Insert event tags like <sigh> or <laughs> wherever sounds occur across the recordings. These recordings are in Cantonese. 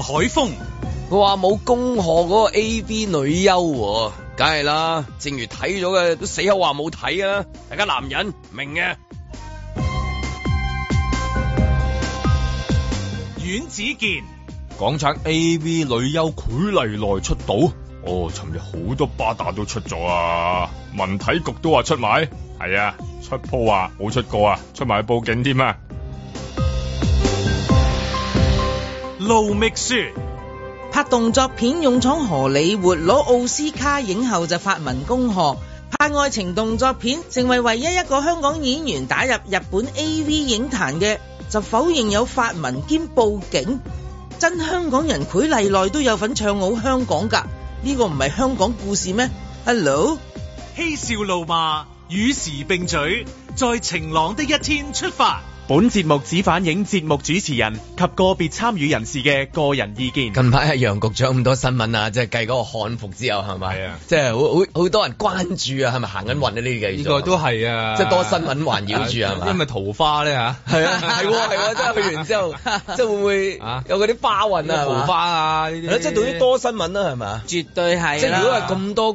海風，佢話冇恭賀嗰個 AV 女優，梗係啦。正如睇咗嘅，都死口話冇睇啊。大家男人明嘅。阮子健，港產 AV 女優佢離內出道，哦，尋日好多巴打都出咗啊，文體局都話出埋，係啊，出鋪啊，冇出過啊，出埋報警添、啊、咩？盧覓雪拍動作片勇闖荷里活攞奧斯卡影後就發文恭賀，拍愛情動作片成為唯一一個香港演員打入日本 A V 影壇嘅就否認有發文兼報警。真香港人，佢嚟來都有份唱好香港㗎，呢個唔係香港故事咩？Hello，嬉笑怒罵與時並舉，在晴朗的一天出發。本節目只反映節目主持人及個別參與人士嘅個人意見。近排係楊局長咁多新聞啊，即係計嗰個漢服之後係咪，即係好好好多人關注啊，係咪行緊運啊呢啲叫做？呢個都係啊，即係多新聞環繞住係嘛。咁咪桃花咧吓？係啊，係喎，係喎，即係去完之後，即係會唔會有嗰啲花運啊、桃花啊呢啲？即係對於多新聞啦，係嘛？絕對係。即係如果係咁多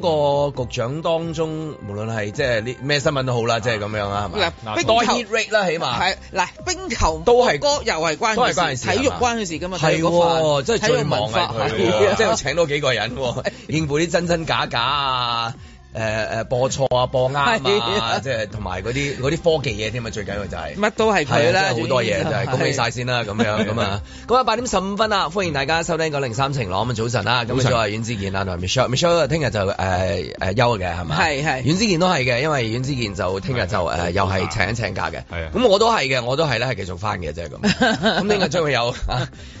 個局長當中，無論係即係呢咩新聞都好啦，即係咁樣啊，係嘛？嗱，background rate 啦，起碼係嗱。冰球都係是歌，又關係關係體育關嘅事㗎嘛，係喎吧，即係仲要文化，即係請多幾個人、啊、 <laughs> 應付啲真真假假啊！誒誒播錯啊，播啱啊，即係同埋嗰啲啲科技嘢添啊，最緊要就係乜都係佢啦，好多嘢就係恭喜晒先啦，咁樣咁啊，咁啊八點十五分啊，歡迎大家收聽九零三晴朗啊，早晨啦，咁啊就係阮子健啊同埋 Michelle，Michelle 聽日就誒誒休嘅係咪？係係，阮子健都係嘅，因為阮子健就聽日就誒又係請一請假嘅，咁我都係嘅，我都係咧係繼續翻嘅即係咁，咁聽日將會有。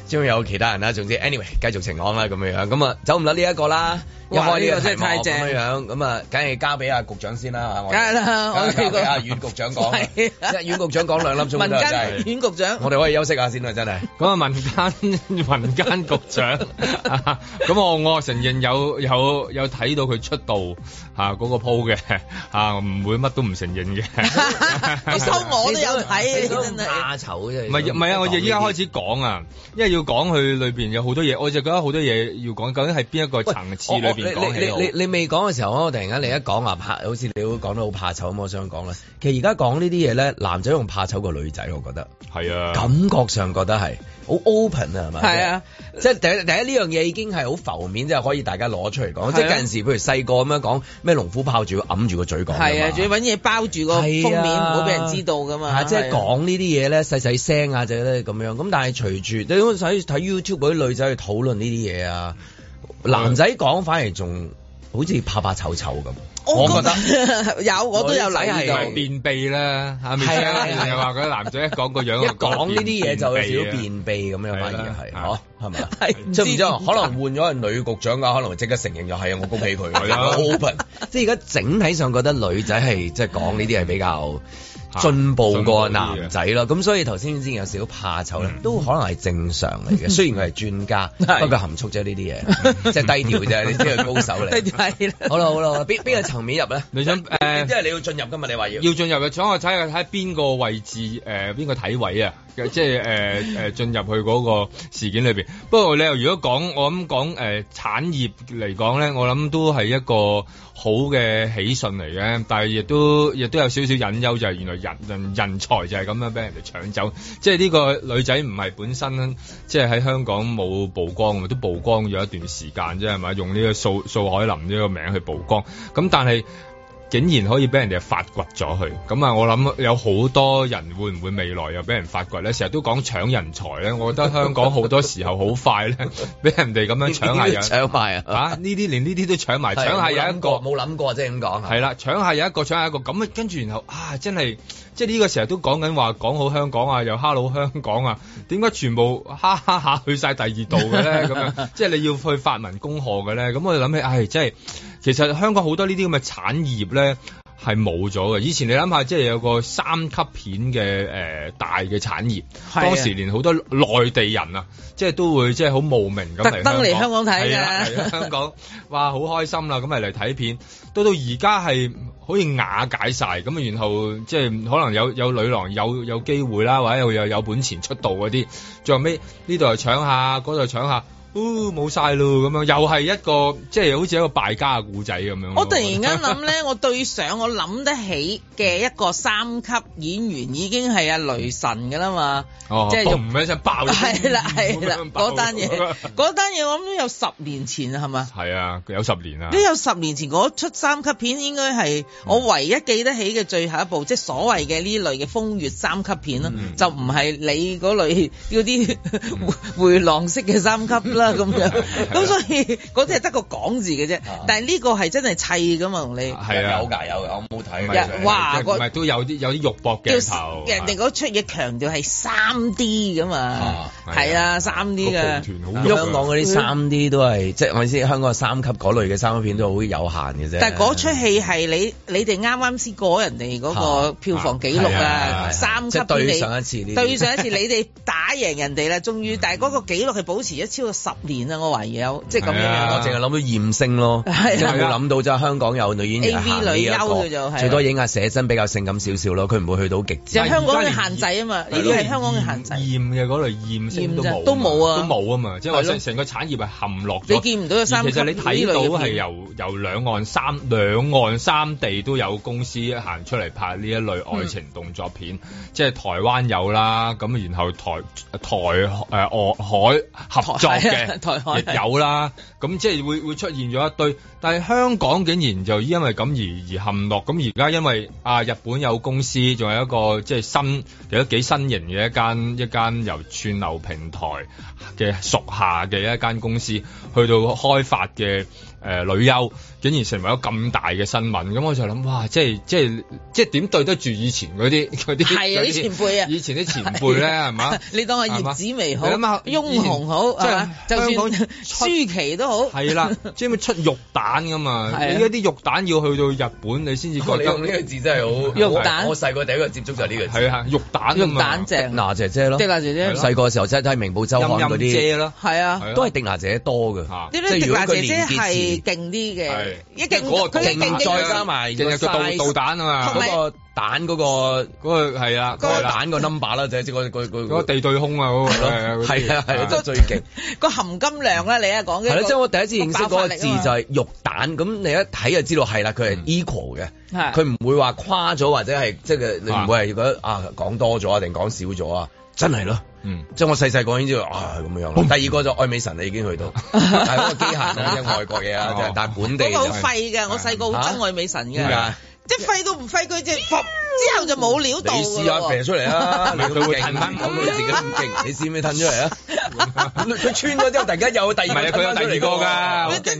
將有其他人啦，總之 anyway 繼續情況啦咁樣樣，咁啊走唔甩呢一個啦，又愛呢個題目咁樣樣，咁啊梗係交俾阿局長先啦，梗係啦，我交俾阿阮局長講，即係阮局長講兩粒鐘都真係，民間局長，我哋可以休息下先啊，真係講下民間民間局長，咁我我承認有有有睇到佢出道嚇嗰個鋪嘅嚇，我唔會乜都唔承認嘅，收我都有睇，真係下籌真係，唔係唔係啊！我哋依家開始講啊，因為要。要講佢裏邊有好多嘢，我就覺得好多嘢要講，究竟係邊一個層次裏邊講起好？你你你未講嘅時候，我突然間你一講啊，怕好似你會講得好怕醜咁。我想講啦，其實而家講呢啲嘢咧，男仔仲怕醜過女仔，我覺得係啊，感覺上覺得係。好 open 啊，係咪？係啊，即係第一第一呢樣嘢已經係好浮面，即係可以大家攞出嚟講。啊、即係有陣時，譬如細個咁樣講咩龍虎豹住要揞住個嘴講，係啊，仲要揾嘢包住個封面，唔好俾人知道噶嘛。即係講呢啲嘢咧細細聲啊，或者咁樣。咁、啊、但係隨住你可睇睇 YouTube 嗰啲女仔去討論呢啲嘢啊，男仔講反而仲。嗯好似怕怕丑醜咁，我覺得有我都有例係便秘啦，係啊，又話佢啲男仔一講個樣，一講呢啲嘢就少少便秘咁樣反而係嗬，係咪？即係唔知可能換咗係女局長噶，可能即刻承認就係啊，我恭喜佢啦，open。即係而家整體上覺得女仔係即係講呢啲係比較。進步過男仔咯，咁所以頭先之前有少少怕醜，咧，都可能係正常嚟嘅。雖然佢係專家，不過含蓄咗呢啲嘢，即係低調啫。你知佢高手嚟，低調係好啦好啦，邊邊個層面入咧？你想誒，即係你要進入噶嘛？你話要要進入嘅，請我睇下睇邊個位置誒，邊個體位啊？即係誒誒，進、呃、入去嗰個事件裏邊。不過你又如果講我諗講誒產業嚟講咧，我諗都係一個好嘅喜訊嚟嘅。但係亦都亦都有少少隱憂，就係、是、原來人人人才就係咁樣俾人哋搶走。即係呢個女仔唔係本身即係喺香港冇曝光，都曝光咗一段時間啫，係咪？用呢個素素海林呢個名去曝光。咁但係。竟然可以俾人哋發掘咗佢，咁啊！我諗有好多人會唔會未來又俾人發掘咧？成日都講搶人才咧， <laughs> 我覺得香港好多時候好快咧，俾 <laughs> 人哋咁樣搶下人，搶埋 <laughs> 啊！呢啲連呢啲都搶埋， <laughs> 搶下有一個冇諗 <laughs> 過即係，咁講啊！ <laughs> 係啦，搶下有一個，搶下一個咁啊！跟住然後啊，真係即係呢個成日都講緊話講好香港啊，又哈佬香港啊，點解全部哈哈下去晒第二度嘅咧？咁樣即係你要去發文恭賀嘅咧？咁我哋諗起，唉、哎，真係～、哎真其實香港好多呢啲咁嘅產業咧係冇咗嘅。以前你諗下，即係有個三級片嘅誒、呃、大嘅產業，的當時連好多內地人啊，即係都會即係好慕名咁特登嚟香港睇嘅。係啊，香港哇好開心啦，咁咪嚟睇片。到到而家係好似瓦解晒。咁啊，然後即係可能有有女郎有有機會啦，或者有有本錢出道嗰啲，最後尾呢度又搶下，嗰度又搶下。哦，冇晒咯，咁樣又係一個，即係好似一個敗家嘅故仔咁樣。我突然間諗咧，我對上我諗得起嘅一個三級演員已經係阿雷神嘅啦嘛，哦，即係就唔一樣爆。係啦係啦，嗰單嘢嗰單嘢我諗都有十年前啦，係嘛？係啊，有十年啊。都有十年前嗰出三級片應該係我唯一記得起嘅最後一部，即係所謂嘅呢類嘅風月三級片啦，就唔係你嗰類嗰啲回浪式嘅三級啦。咁樣，咁所以嗰啲係得個講字嘅啫。但係呢個係真係砌噶嘛，同你係啊，有㗎有，我冇睇哇，唔係，都有啲有啲肉搏嘅鏡頭。人哋嗰出嘢強調係三 D 噶嘛，係啊，三 D 噶。香港嗰啲三 D 都係，即係我意思，香港三級嗰類嘅三級片都好有限嘅啫。但係嗰出戲係你你哋啱啱先過人哋嗰個票房紀錄啊，三級片對上一次，你對上一次你哋打贏人哋啦，終於，但係嗰個紀錄係保持咗超過十年啊！我懷疑有即係咁樣，我淨係諗到艷星咯，即係冇諗到就係香港有女演員 A V 女優，就係最多影下寫真比較性感少少咯，佢唔會去到極。係香港嘅限制啊嘛，呢啲係香港嘅限制。艷嘅嗰類艷星都冇，都冇啊，都冇啊嘛。即係話成個產業係陷落咗，你見唔到嘅三級，其實你睇到係由由兩岸三兩岸三地都有公司行出嚟拍呢一類愛情動作片，即係台灣有啦，咁然後台台誒海合作嘅。台海亦有啦，咁即係會會出現咗一堆，但係香港竟然就因為咁而而陷落，咁而家因為啊日本有公司，仲有一個即係新有幾新型嘅一間一間由串流平台嘅屬下嘅一間公司去到開發嘅。誒女優竟然成為咗咁大嘅新聞，咁我就諗哇，即係即係即係點對得住以前嗰啲嗰啲，係啊，啲前輩啊！以前啲前輩咧，係嘛？你當阿葉子楣好，你諗下翁虹好，即係香港舒淇都好。係啦，最尾出肉彈咁嘛。依家啲肉彈要去到日本，你先至覺得。用呢個字真係好。因為我細個第一個接觸就係呢樣。係啊，肉彈肉彈，謝娜姐姐咯，謝娜姐姐。細個嘅時候真係睇明報周刊嗰啲。借咯，係啊，都係謝娜姐姐多嘅。即係勁啲嘅，一定嗰再加埋日日個導彈啊嘛，個彈嗰個嗰個係啊，個彈個 number 啦，就係即係嗰嗰個地對空啊嗰個啊，係啊係啊就最勁個含金量啦。你啊講係即係我第一次認識嗰個字就係肉彈，咁你一睇就知道係啦，佢係 equal 嘅，佢唔會話誇咗或者係即係你唔會係覺得啊講多咗啊定講少咗啊。真係咯，嗯，即係我細細個已經知道啊咁樣咯。嗯、第二個就愛美神，你已經去到， <laughs> 但係嗰個機械啊， <laughs> 外國嘢啊，就係 <laughs> 但係本地都好廢嘅。我細個好憎愛美神嘅。啊啊啊即係廢都唔廢佢隻，之後就冇料到。你試下劈出嚟啦，佢會勁唔勁？你自己唔勁，你試唔試褪出嚟啊？佢穿過之後突然間有第二個，佢有第二個㗎。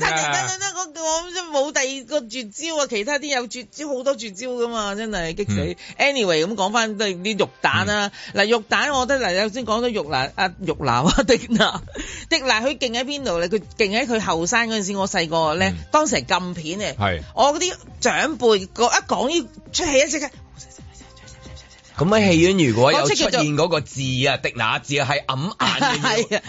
冇第二個絕招啊！其他啲有絕招好多絕招㗎嘛，真係激死。Anyway，咁講翻都係啲肉蛋啊。嗱肉蛋，我覺得嗱，頭先講咗肉娜、啊，肉娜、啊，狄娜、狄娜，佢勁喺邊度咧？佢勁喺佢後生嗰陣時，我細個咧，當時係禁片嘅，我嗰啲。長輩個一講呢出戲，一隻嘅咁喺戲院如果有出現嗰個字啊，迪那字啊，係暗眼嘅，啊，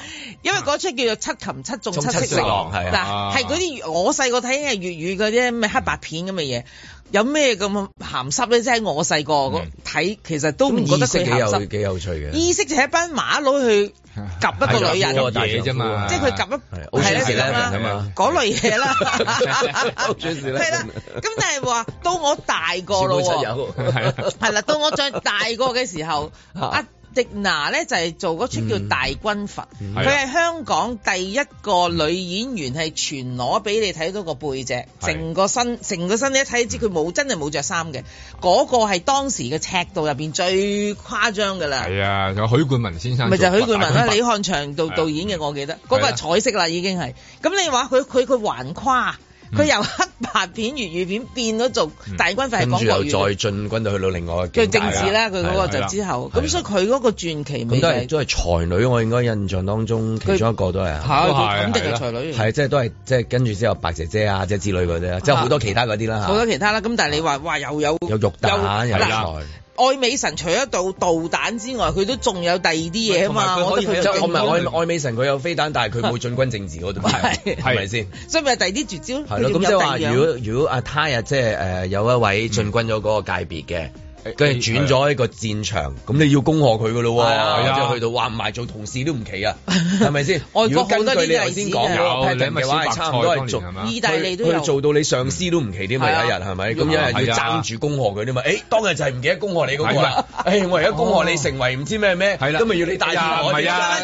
<laughs> 因為嗰出叫做《七擒七縱七色狼》，嗱係嗰啲我細個睇係粵語嘅啫，咁黑白片咁嘅嘢。嗯有咩咁鹹濕咧？即係我細個咁睇，其實都唔覺得佢鹹濕。有有意識就一班麻甩佬去夾一個女人嘢啫嘛， <laughs> 而已而已即係佢夾一係啦，咁啦、嗯，嗰類嘢啦。係啦，咁但係話到我大個啦喎，係啦身， <laughs> <laughs> 到我再大個嘅時候啊。狄娜咧就係、是、做嗰出叫《大軍閥》，嗯，佢係香港第一個女演員係全裸俾你睇到個背脊，成的個身，成個身你一睇知佢冇真係冇着衫嘅。嗰、那個係當時嘅尺度入邊最誇張㗎啦。係啊，有許冠文先生。咪就係許冠文啊，李翰祥導導演嘅。的我記得嗰的個係彩色啦，已經係。咁你話佢佢佢橫跨，佢由黑白片、粵語片變咗做大軍，快趕國語。跟住又再進軍到去到另外一個政治啦，佢嗰個就之後。咁所以佢嗰個傳奇。咁都係都係才女，我應該印象當中其中一個都係。嚇，咁即係才女？係，即係都係即係跟住之後白姐姐啊，即係之類嗰啲啦，即係好多其他嗰啲啦好多其他啦，咁但係你話哇又有有肉彈有才。愛美神除咗導導彈之外，佢都仲有第二啲嘢啊嘛！佢可以我即係我唔係愛愛美神，佢有飛彈，但係佢冇進軍政治嗰度，係係咪先？所以咪第二啲絕招？係咯的，咁即係話，如果如果阿他日即係誒有一位進軍咗嗰個界別嘅。嗯跟住轉咗一個戰場，咁你要恭賀佢㗎喇喎，跟住去到話唔埋做同事都唔奇啊，係咪先？我如果更多啲嘢先講，差唔多係做意大利都去做到你上司都唔奇添，有一日係咪？咁有人要爭住恭賀佢啲嘛？誒，當日就係唔記得恭賀你嗰個，誒，我而家恭賀你成為唔知咩咩，都咪要你帶埋我，唔係啊，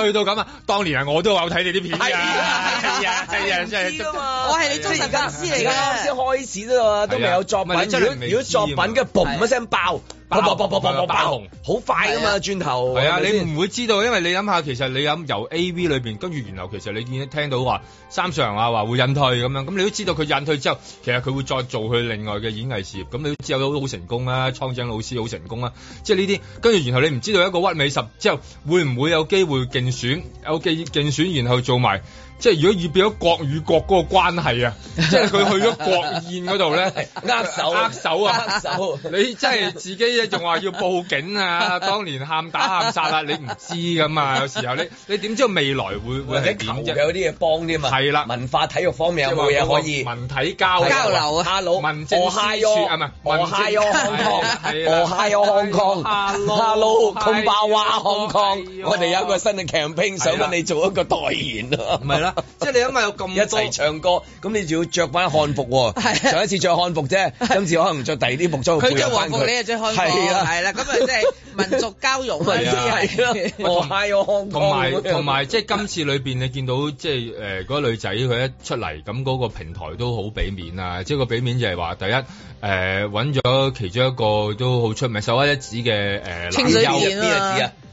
對到咁啊，當年啊，我都話睇你啲片啊，係啊，真係我係你忠實粉絲嚟㗎，先開始啫嘛，都未有作品。如果作品嘅，嘣聲爆，爆，爆，爆爆爆爆爆爆紅，好紅快噶嘛，轉的頭係啊，的的你唔會知道，因為你諗下，其實你諗由 A V 裏邊，跟住然後其實你見聽到話三上啊，話會引退咁樣，咁你都知道佢引退之後，其實佢會再做佢另外嘅演藝事業，咁你都知道都好成功啦、啊，蒼井老師好成功啦、啊。即係呢啲，跟住然後你唔知道一個屈尾十之後會唔會有機會競選，有競競選然後做埋。即係如果演變咗國與國嗰個關係啊，即係佢去咗國宴嗰度咧，握手握手啊！握手！你即係自己仲話要報警啊！當年喊打喊殺啦，你唔知㗎嘛？有時候你你點知未來會會點啫？求嘅嗰啲嘢幫啲嘛？係啦，文化體育方面有冇嘢可以？文體交流啊！Hello，河蟹哦啊唔係河蟹哦，康河蟹哦康康，Hello，Kumbawa 康康，我哋有一個新嘅 campaign，想揾你做一個代言咯，唔係啦～ <music> 即係你咁咪有咁多一齊唱歌，咁你仲要着翻漢服喎，哦？的上一次着漢服啫，的今次可能着第二啲服裝佢。着著漢服，你又著漢服。係啦，咁啊，即係民族交融之係咯。同埋同埋同埋即係今次裏邊你見到即係誒嗰女仔佢一出嚟，咁嗰個平台都好俾面啊！即係個俾面就係話第一誒揾咗其中一個都好出名，首屈一指嘅誒藍油啊？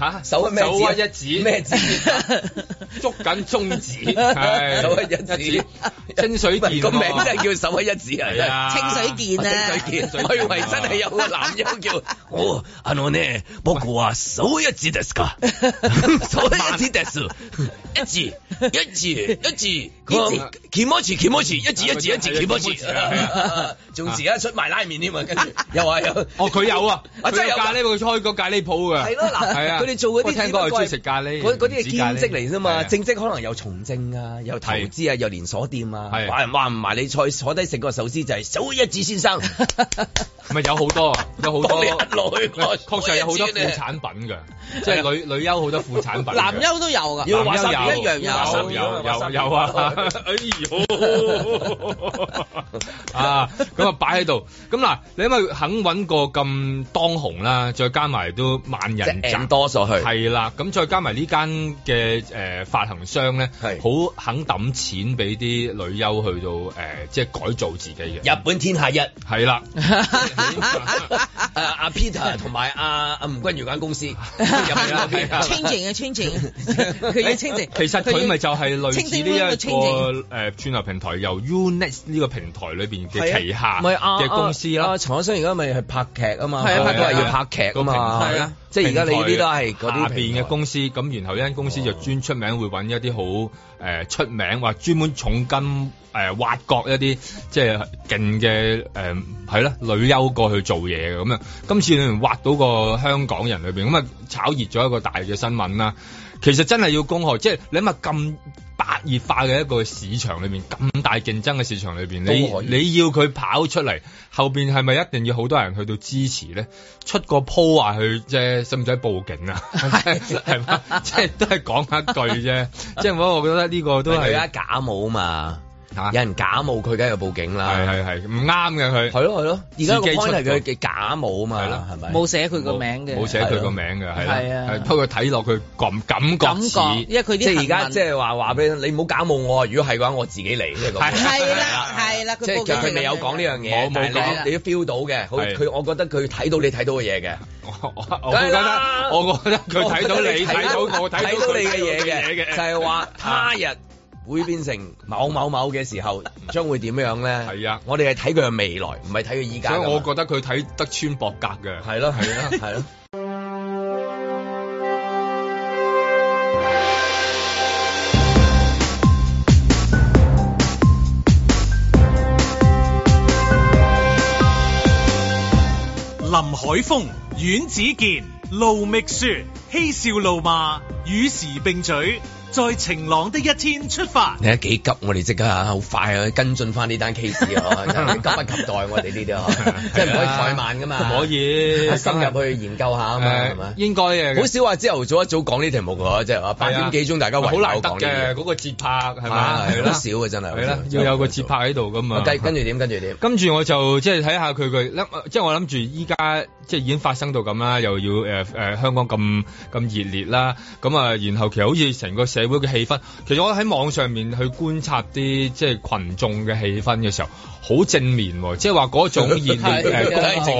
嚇手屈一指？咩指？捉緊中指，手屈一指。清水健個名真係叫手屈一指係啊！清水健啊！清水健，我以為真係有個男人叫哦，阿我呢？不過話手屈一指㗎，手屈一指，一指一指一指，嗰個 Kimochi Kimochi，一指一指一指 Kimochi。仲時家出埋拉麵添啊！跟住又係哦，佢有啊，真係有咖喱，佢開個咖喱鋪㗎。係咯，嗱，係啊。你做嗰啲兼職嚟，嗰嗰啲係兼職嚟啫嘛，正職可能有從政啊，有投資啊，的有連鎖店啊，係話唔埋你菜，坐低食個壽司就係、是、數一子先生。 <laughs> 唔係有好多，有好多女，確實有好多副產品嘅，即係女女優好多副產品，男優都有嘅，男優有，有有有有啊，哎啊咁啊擺喺度，咁嗱，你因為肯搵個咁當紅啦，再加埋都萬人讚多咗去，係啦，咁再加埋呢間嘅誒發行商咧，係好肯抌錢俾啲女優去到誒，即係改造自己嘅，日本天下一係啦。阿 Peter 同埋阿阿吳君如間公司，清靜嘅清靜，清靜。其實佢咪就係類似呢一個誒串流平台，由 Unix 呢個平台裏邊嘅旗下嘅公司啦。陳可辛而家咪係拍劇啊嘛，係啊拍佢係要拍劇啊嘛，係啊，即係而家你呢啲都係嗰啲下邊嘅公司，咁然後一間公司就專出名會揾一啲好。誒，出名話專門重金誒、呃、挖角一啲即係勁嘅誒，係啦、呃啊，女優過去做嘢嘅咁樣。今次你哋挖到個香港人裏邊咁啊炒熱咗一個大嘅新聞啦。其實真係要公開，即係你諗下咁。白熱化嘅一個市場裏邊，咁大競爭嘅市場裏邊，你你要佢跑出嚟，後邊係咪一定要好多人去到支持咧？出個鋪話佢啫，使唔使報警啊？係係嘛，即係都係講一句啫， <laughs> 即係我覺得呢個都係假冒嘛。有人假冒佢，梗係報警啦。係係係，唔啱嘅佢。係咯係咯，而家個案係佢嘅假冒啊嘛。係咪？冇寫佢個名嘅，冇寫佢個名嘅，係啦。係不過佢睇落，佢感感覺因為佢啲即係而家即係話話俾你唔好假冒我啊！如果係嘅話，我自己嚟。係啦，係啦。即係佢未有講呢樣嘢。我冇講你，你都 feel 到嘅。佢我覺得佢睇到你睇到嘅嘢嘅。我我覺得我覺得佢睇到你睇到我睇到你嘅嘢嘅，就係話他人。會變成某某某嘅時候，將會點樣咧？係啊，我哋係睇佢嘅未來，唔係睇佢而家。所以我覺得佢睇德川博格嘅。係咯，係啊，係咯、 <laughs> 啊。啊、林海峰、阮子健、盧覓雪、嬉笑怒罵，與時並嘴。在晴朗的一天出發。你睇幾急，我哋即刻好快啊，跟進翻呢單 case 啊，急不及待，我哋呢啲嗬，即係唔可以太慢噶嘛，唔可以深入去研究下啊嘛，係咪？應該好少話朝頭早一早講呢條目嗬，即係八點幾鐘大家圍好難得嘅嗰個節拍係嘛，有得少嘅真係，係啦，要有個節拍喺度㗎嘛。跟住點？跟住點？跟住我就即係睇下佢佢即係我諗住依家即係已經發生到咁啦，又要誒誒香港咁咁熱烈啦，咁啊，然後其實好似成個社會嘅氣氛，其實我喺網上面去觀察啲即係群眾嘅氣氛嘅時候，好正面，即係話嗰種熱烈誒，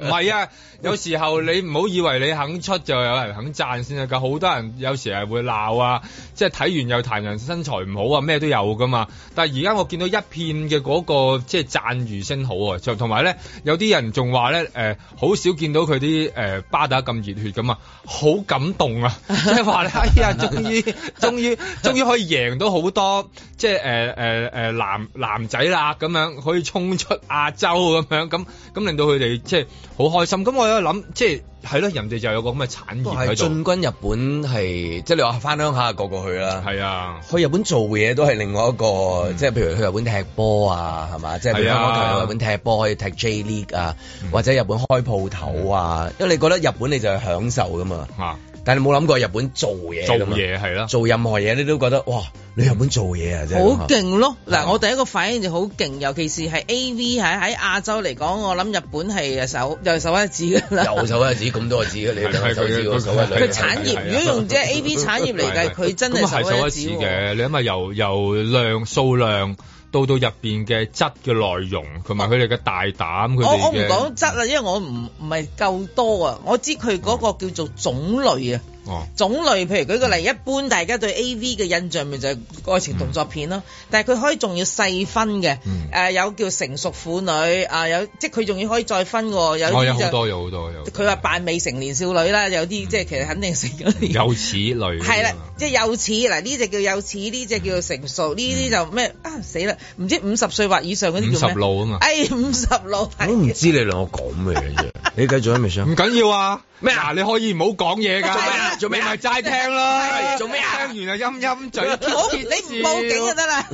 唔係啊！有時候你唔好以為你肯出就有人肯讚先得㗎，好多人有時係會鬧啊，即係睇完又彈人身材唔好啊，咩都有㗎嘛。但係而家我見到一片嘅嗰、那個即係、就是、讚譽聲好啊，就同埋咧有啲人仲話咧誒，好、呃、少見到佢啲誒巴打咁熱血咁啊，好感動啊，即係話咧，哎呀，終於 <laughs> 以～ <laughs> <laughs> 終於，終於可以贏到好多，即係誒誒誒男男仔啦，咁樣可以衝出亞洲咁樣，咁咁令到佢哋即係好開心。咁我有諗，即係係咯，人哋就有個咁嘅產業喺度。都進軍日本係，即係你話返鄉下個個去啦。係啊，去日本做嘢都係另外一個，嗯、即係譬如去日本踢波啊，係嘛？即係譬如去日本踢波，可以踢 J League 啊，嗯、或者日本開鋪頭啊，啊因為你覺得日本你就係享受㗎嘛。啊但你冇諗過日本做嘢，做嘢係咯，做任何嘢你都覺得哇，你日本做嘢啊，真係好勁咯！嗱、啊，我第一個反應就好勁，尤其是係 A V 喺喺亞洲嚟講，我諗日本係首又首一指，噶啦，又首一指咁多字嘅你手指，佢他 產業如果用即係 A V 產業嚟計，佢的真係首一指嘅的。你諗下由由量數量。到到入邊嘅質嘅內容，同埋佢哋嘅大膽，佢我我唔講質啊，因為我唔唔係夠多啊，我知佢嗰個叫做種類啊。哦，種類，譬如舉個例，一般大家對 A V 嘅印象咪就係愛情動作片咯，但係佢可以仲要細分嘅，誒有叫成熟婦女，啊有，即係佢仲要可以再分喎，有，有好多有好多有。佢話扮未成年少女啦，有啲即係其實肯定成。幼齒類。係啦，即係幼齒，嗱呢隻叫幼齒，呢隻叫做成熟，呢啲就咩啊死啦，唔知五十歲或以上嗰啲叫五十路啊嘛。誒五十路。我唔知你兩個講咩嘅啫，你繼續喺咪先。唔緊要啊。咩啊？你可以唔好講嘢㗎，做咩咪齋聽咯？做咩啊？聽完啊陰陰嘴撇撇笑，你唔報警就得啦。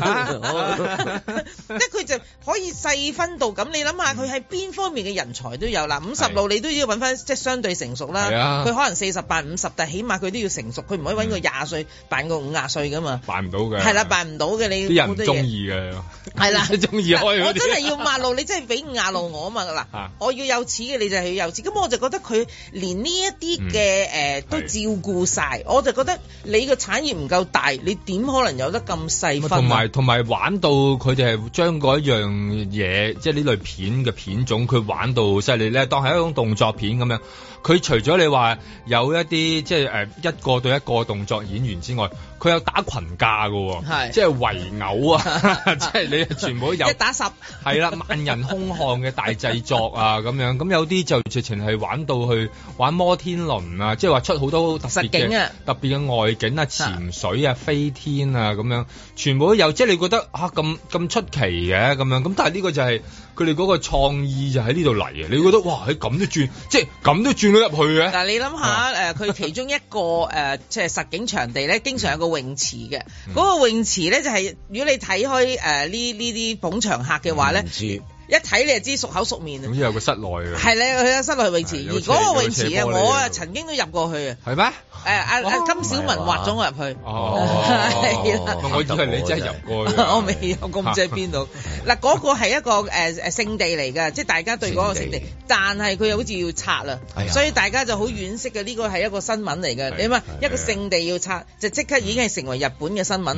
即係佢就可以細分到咁，你諗下佢係邊方面嘅人才都有嗱。五十路你都要揾翻，即係相對成熟啦。佢可能四十八、五十，但係起碼佢都要成熟，佢唔可以揾個廿歲扮個五廿歲噶嘛。扮唔到嘅。係啦，扮唔到嘅你。啲人都中意嘅。係啦，中意開。我真係要廿路，你真係俾五廿路我啊嘛嗱！我要有錢嘅你就係要有錢，咁我就覺得佢年。呢一啲嘅誒都照顧晒，是我就覺得你嘅產業唔夠大，你點可能有得咁細分？同埋同埋玩到佢哋係將嗰樣嘢，即係呢類片嘅片種，佢玩到犀利咧，當係一種動作片咁樣。佢除咗你話有一啲即係誒一個對一個動作演員之外，佢有打群架嘅，是即係圍毆啊！ <laughs> <laughs> 即係你全部都有 <laughs> 一打十，係 <laughs> 啦，萬人空巷嘅大製作啊咁樣，咁有啲就直情係玩到去玩摩天輪啊，即係話出好多特別嘅實景啊，特別嘅外景啊、潛水啊、飛天啊咁樣，全部都有。即係你覺得啊，咁咁出奇嘅、啊、咁樣，咁但係呢個就係、是。佢哋嗰個創意就喺呢度嚟嘅，你覺得哇，佢咁都轉，即係咁都轉咗入去嘅。嗱，你諗下誒，佢其中一個誒，即、呃、係實景場地咧，經常有個泳池嘅。嗰、嗯、個泳池咧就係、係、如果你睇開誒呢呢啲捧場客嘅話咧，嗯、一睇你就知熟口熟面啊。總之有個室內嘅係咧，佢有個室內泳池，嗯、而嗰個泳池啊，我曾經都入過去啊。係咩？誒阿阿金小文畫咗我入去，我以為你真係遊過。我未有咁，唔知喺邊度。嗱嗰個係一個誒誒聖地嚟㗎，即係大家對嗰個聖地。但係佢又好似要拆啦，所以大家就好惋惜嘅。呢個係一個新聞嚟㗎，你嘛一個聖地要拆，就即刻已經係成為日本嘅新聞。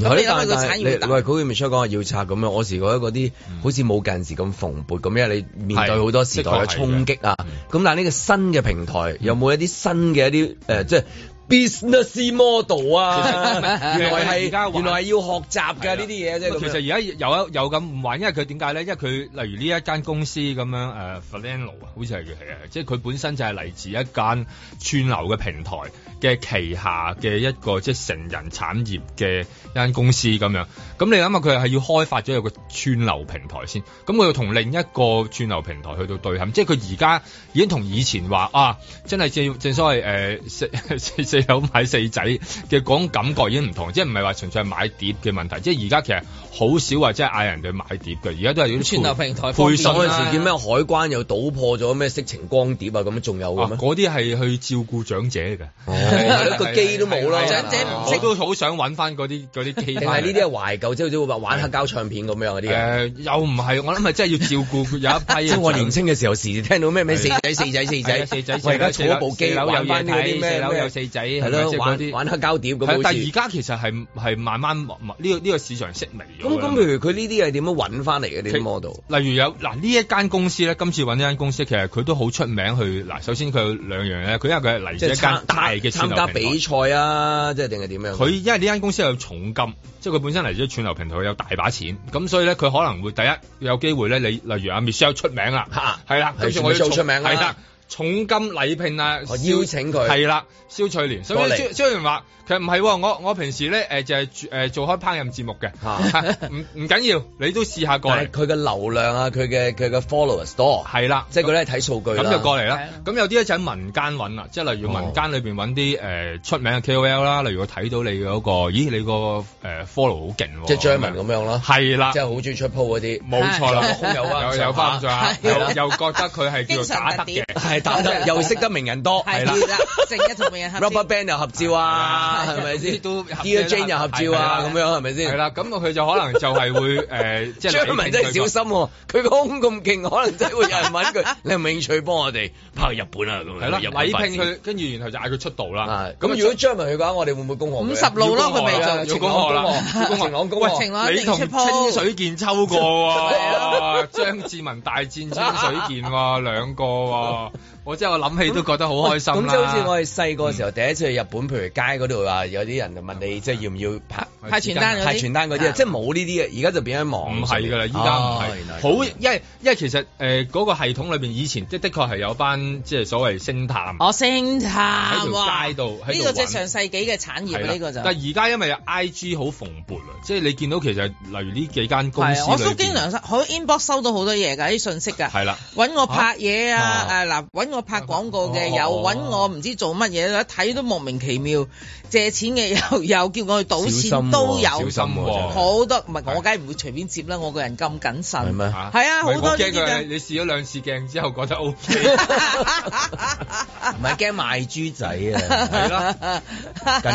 係，但係喂，佢咪出講要拆咁樣？我試過嗰啲嗰啲好似冇近時咁蓬勃咁樣？你面對好多時代嘅衝擊啊！咁但係呢個新嘅平台有冇一啲新嘅一啲誒即 business model 啊， <laughs> 原來係原來係要學習嘅呢啲嘢啫。其實而家有有咁唔玩，因為佢點解咧？因為佢例如呢一間公司咁樣誒 Furlano 啊，好似係係啊，即係佢本身就係嚟自一間串流嘅平台嘅旗下嘅一個，即係成人產業嘅。間公司咁樣，咁你諗下佢係要開發咗一個串流平台先，咁佢要同另一個串流平台去到對撼，即係佢而家已經同以前話啊，真係正正所謂誒、欸、四四友買四仔嘅嗰種感覺已經唔同，即係唔係話純粹係買碟嘅問題，即係而家其實好少話即係嗌人哋買碟嘅，而家都係串流平台配，配信啦。嗰時叫咩海關又搗破咗咩色情光碟啊，咁仲有嗰啲係去照顧長者嘅，個機都冇啦，長者唔識 <laughs> <laughs> 都好 <laughs> 想揾翻嗰啲。定係呢啲係懷舊，即好似話玩黑膠唱片咁樣嗰啲。誒，又唔係，我諗係真係要照顧有一批。即我年輕嘅時候時時聽到咩咩四仔四仔四仔，四我而家坐部機玩翻啲咩有四仔，係咯，玩玩黑膠碟咁。但係而家其實係係慢慢呢個呢個市場式微咗。咁咁，譬如佢呢啲係點樣揾翻嚟嘅呢啲，例如有嗱，呢一間公司咧，今次揾呢間公司，其實佢都好出名。去嗱，首先佢有兩樣咧，佢因為佢係嚟自一間大嘅。參加比賽啊，即係定係點樣？佢因為呢間公司有重金，即係佢本身嚟咗串流平台有大把錢，咁所以咧佢可能會第一有機會咧，你例如阿、啊、Michelle 出名啦，吓係啦，跟住我要做出名係啦，重金禮聘啊， <music> 我邀請佢，係啦，肖翠蓮，所以張張然話。來其實唔係，我我平時咧，誒就係誒做開烹飪節目嘅，唔唔緊要，你都試下過嚟。佢嘅流量啊，佢嘅佢嘅 followers 多，係啦，即係佢咧睇數據。咁就過嚟啦。咁有啲咧就喺民間揾啦，即係例如民間裏邊揾啲誒出名嘅 KOL 啦，例如我睇到你嗰個，咦你個誒 follow 好勁，即係 Jemyn 咁樣咯，係啦，即係好中意出 po 嗰啲，冇錯啦，有有翻，又又覺得佢係叫做打得嘅，係打又識得名人多，係啦，成日同名人 Rubberband 又合照啊！係咪先都 D J 又合照啊咁樣係咪先？係啦，咁佢就可能就係會誒，即係張文真係小心，佢講咁勁，可能真係會有人問佢，你有冇興趣幫我哋拍日本啊？咁樣係啦，米拼佢，跟住然後就嗌佢出道啦。咁如果張文去嘅話，我哋會唔會攻河？五十路咯，佢咪就要攻河啦，要攻河啦。喂，你同清水健抽過？張志文大戰清水健，兩個。我真係我諗起都覺得好開心咁，即好似我哋細個嘅時候，第一次去日本譬如街嗰度話，有啲人就問你即係要唔要派派傳單嗰啲？即係冇呢啲嘅，而家就變咗網唔係㗎啦！依家唔係好，因為因為其實誒嗰個系統裏邊以前即的確係有班即係所謂星探。哦，星探喺條街度，呢個即係上世紀嘅產業呢個就。但係而家因為 I G 好蓬勃啊，即係你見到其實例如呢幾間公司，我都經常好，inbox 收到好多嘢㗎，啲信息㗎。係啦，揾我拍嘢啊！嗱，我拍廣告嘅有揾我，唔知做乜嘢啦，睇都莫名其妙。借錢嘅又又叫我去賭錢都有，小心好多唔係我梗係唔會隨便接啦，我個人咁謹慎。係咪啊？係啊，好多次嘅。你試咗兩次鏡之後覺得 OK，唔係驚賣豬仔啊？係咯，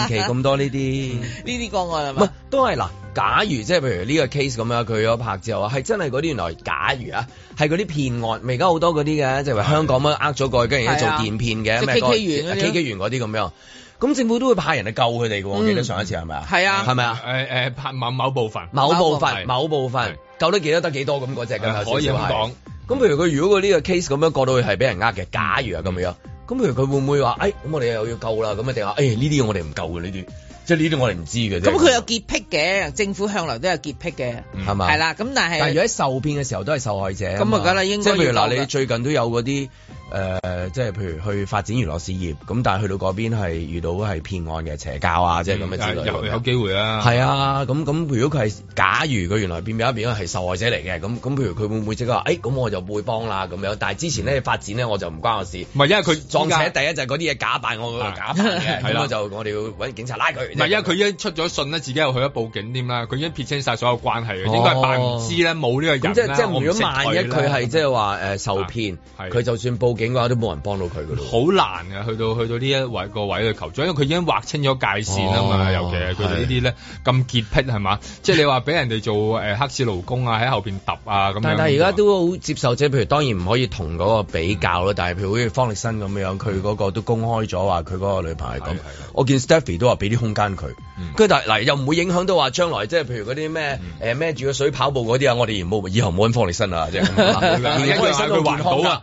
近期咁多呢啲呢啲個案係咪？都係嗱。假如即係譬如呢個 case 咁樣，佢咗拍之後啊，係真係嗰啲原來假如啊，係嗰啲騙案，而家好多嗰啲嘅，就係香港咁呃咗過去，跟住一做電騙嘅，咩機器員嗰啲，機器員嗰啲咁樣。咁政府都會派人去救佢哋嘅，我記得上一次係咪啊？係啊，係咪啊？誒誒，拍某某部分，某部分，某部分，救得幾多得幾多咁嗰隻嘅，可以咁講。咁譬如佢如果佢呢個 case 咁樣過到去係俾人呃嘅，假如啊咁樣，咁譬如佢會唔會話，誒咁我哋又要救啦，咁定話？誒呢啲我哋唔救嘅呢啲。即係呢啲我哋唔知嘅啫。咁佢、嗯、這樣 有潔癖嘅，政府向來都有潔癖嘅，係咪係啦，咁但係，但係如果喺受騙嘅時候都係受害者。咁啊、嗯，梗係應該。即係譬如嗱，你最近都有嗰啲。誒，即係譬如去發展娛樂事業，咁但係去到嗰邊係遇到係騙案嘅邪教啊，即係咁嘅之類。有機會啊！係啊，咁咁，如果佢係，假如佢原來變咗一邊係受害者嚟嘅，咁咁，譬如佢會唔會即刻話，誒，咁我就會幫啦咁樣？但係之前呢，發展呢，我就唔關我事。唔係，因為佢撞邪，第一就係嗰啲嘢假扮我個假扮嘅，係啦，就我哋要揾警察拉佢。唔係，因為佢一出咗信咧，自己又去咗報警添啦，佢已經撇清曬所有關係。應該扮唔知咧，冇呢個人。咁即係即係，如果萬一佢係即係話誒受騙，佢就算報。景嘅話都冇人幫到佢嘅，好難嘅。去到去到呢一位個位嘅球場，因為佢已經劃清咗界線啊嘛。尤其係佢哋呢啲咧，咁潔癖，係嘛？即係你話俾人哋做誒黑市勞工啊，喺後邊揼啊咁樣。但係而家都好接受啫。譬如當然唔可以同嗰個比較咯，但係譬如好似方力申咁樣，佢嗰個都公開咗話佢嗰個女朋友係咁。我見 Stephy 都話俾啲空間佢，佢但係嗱又唔會影響到話將來即係譬如嗰啲咩誒孭住個水跑步嗰啲啊，我哋以後冇揾方力申啊，即係。佢還到啊，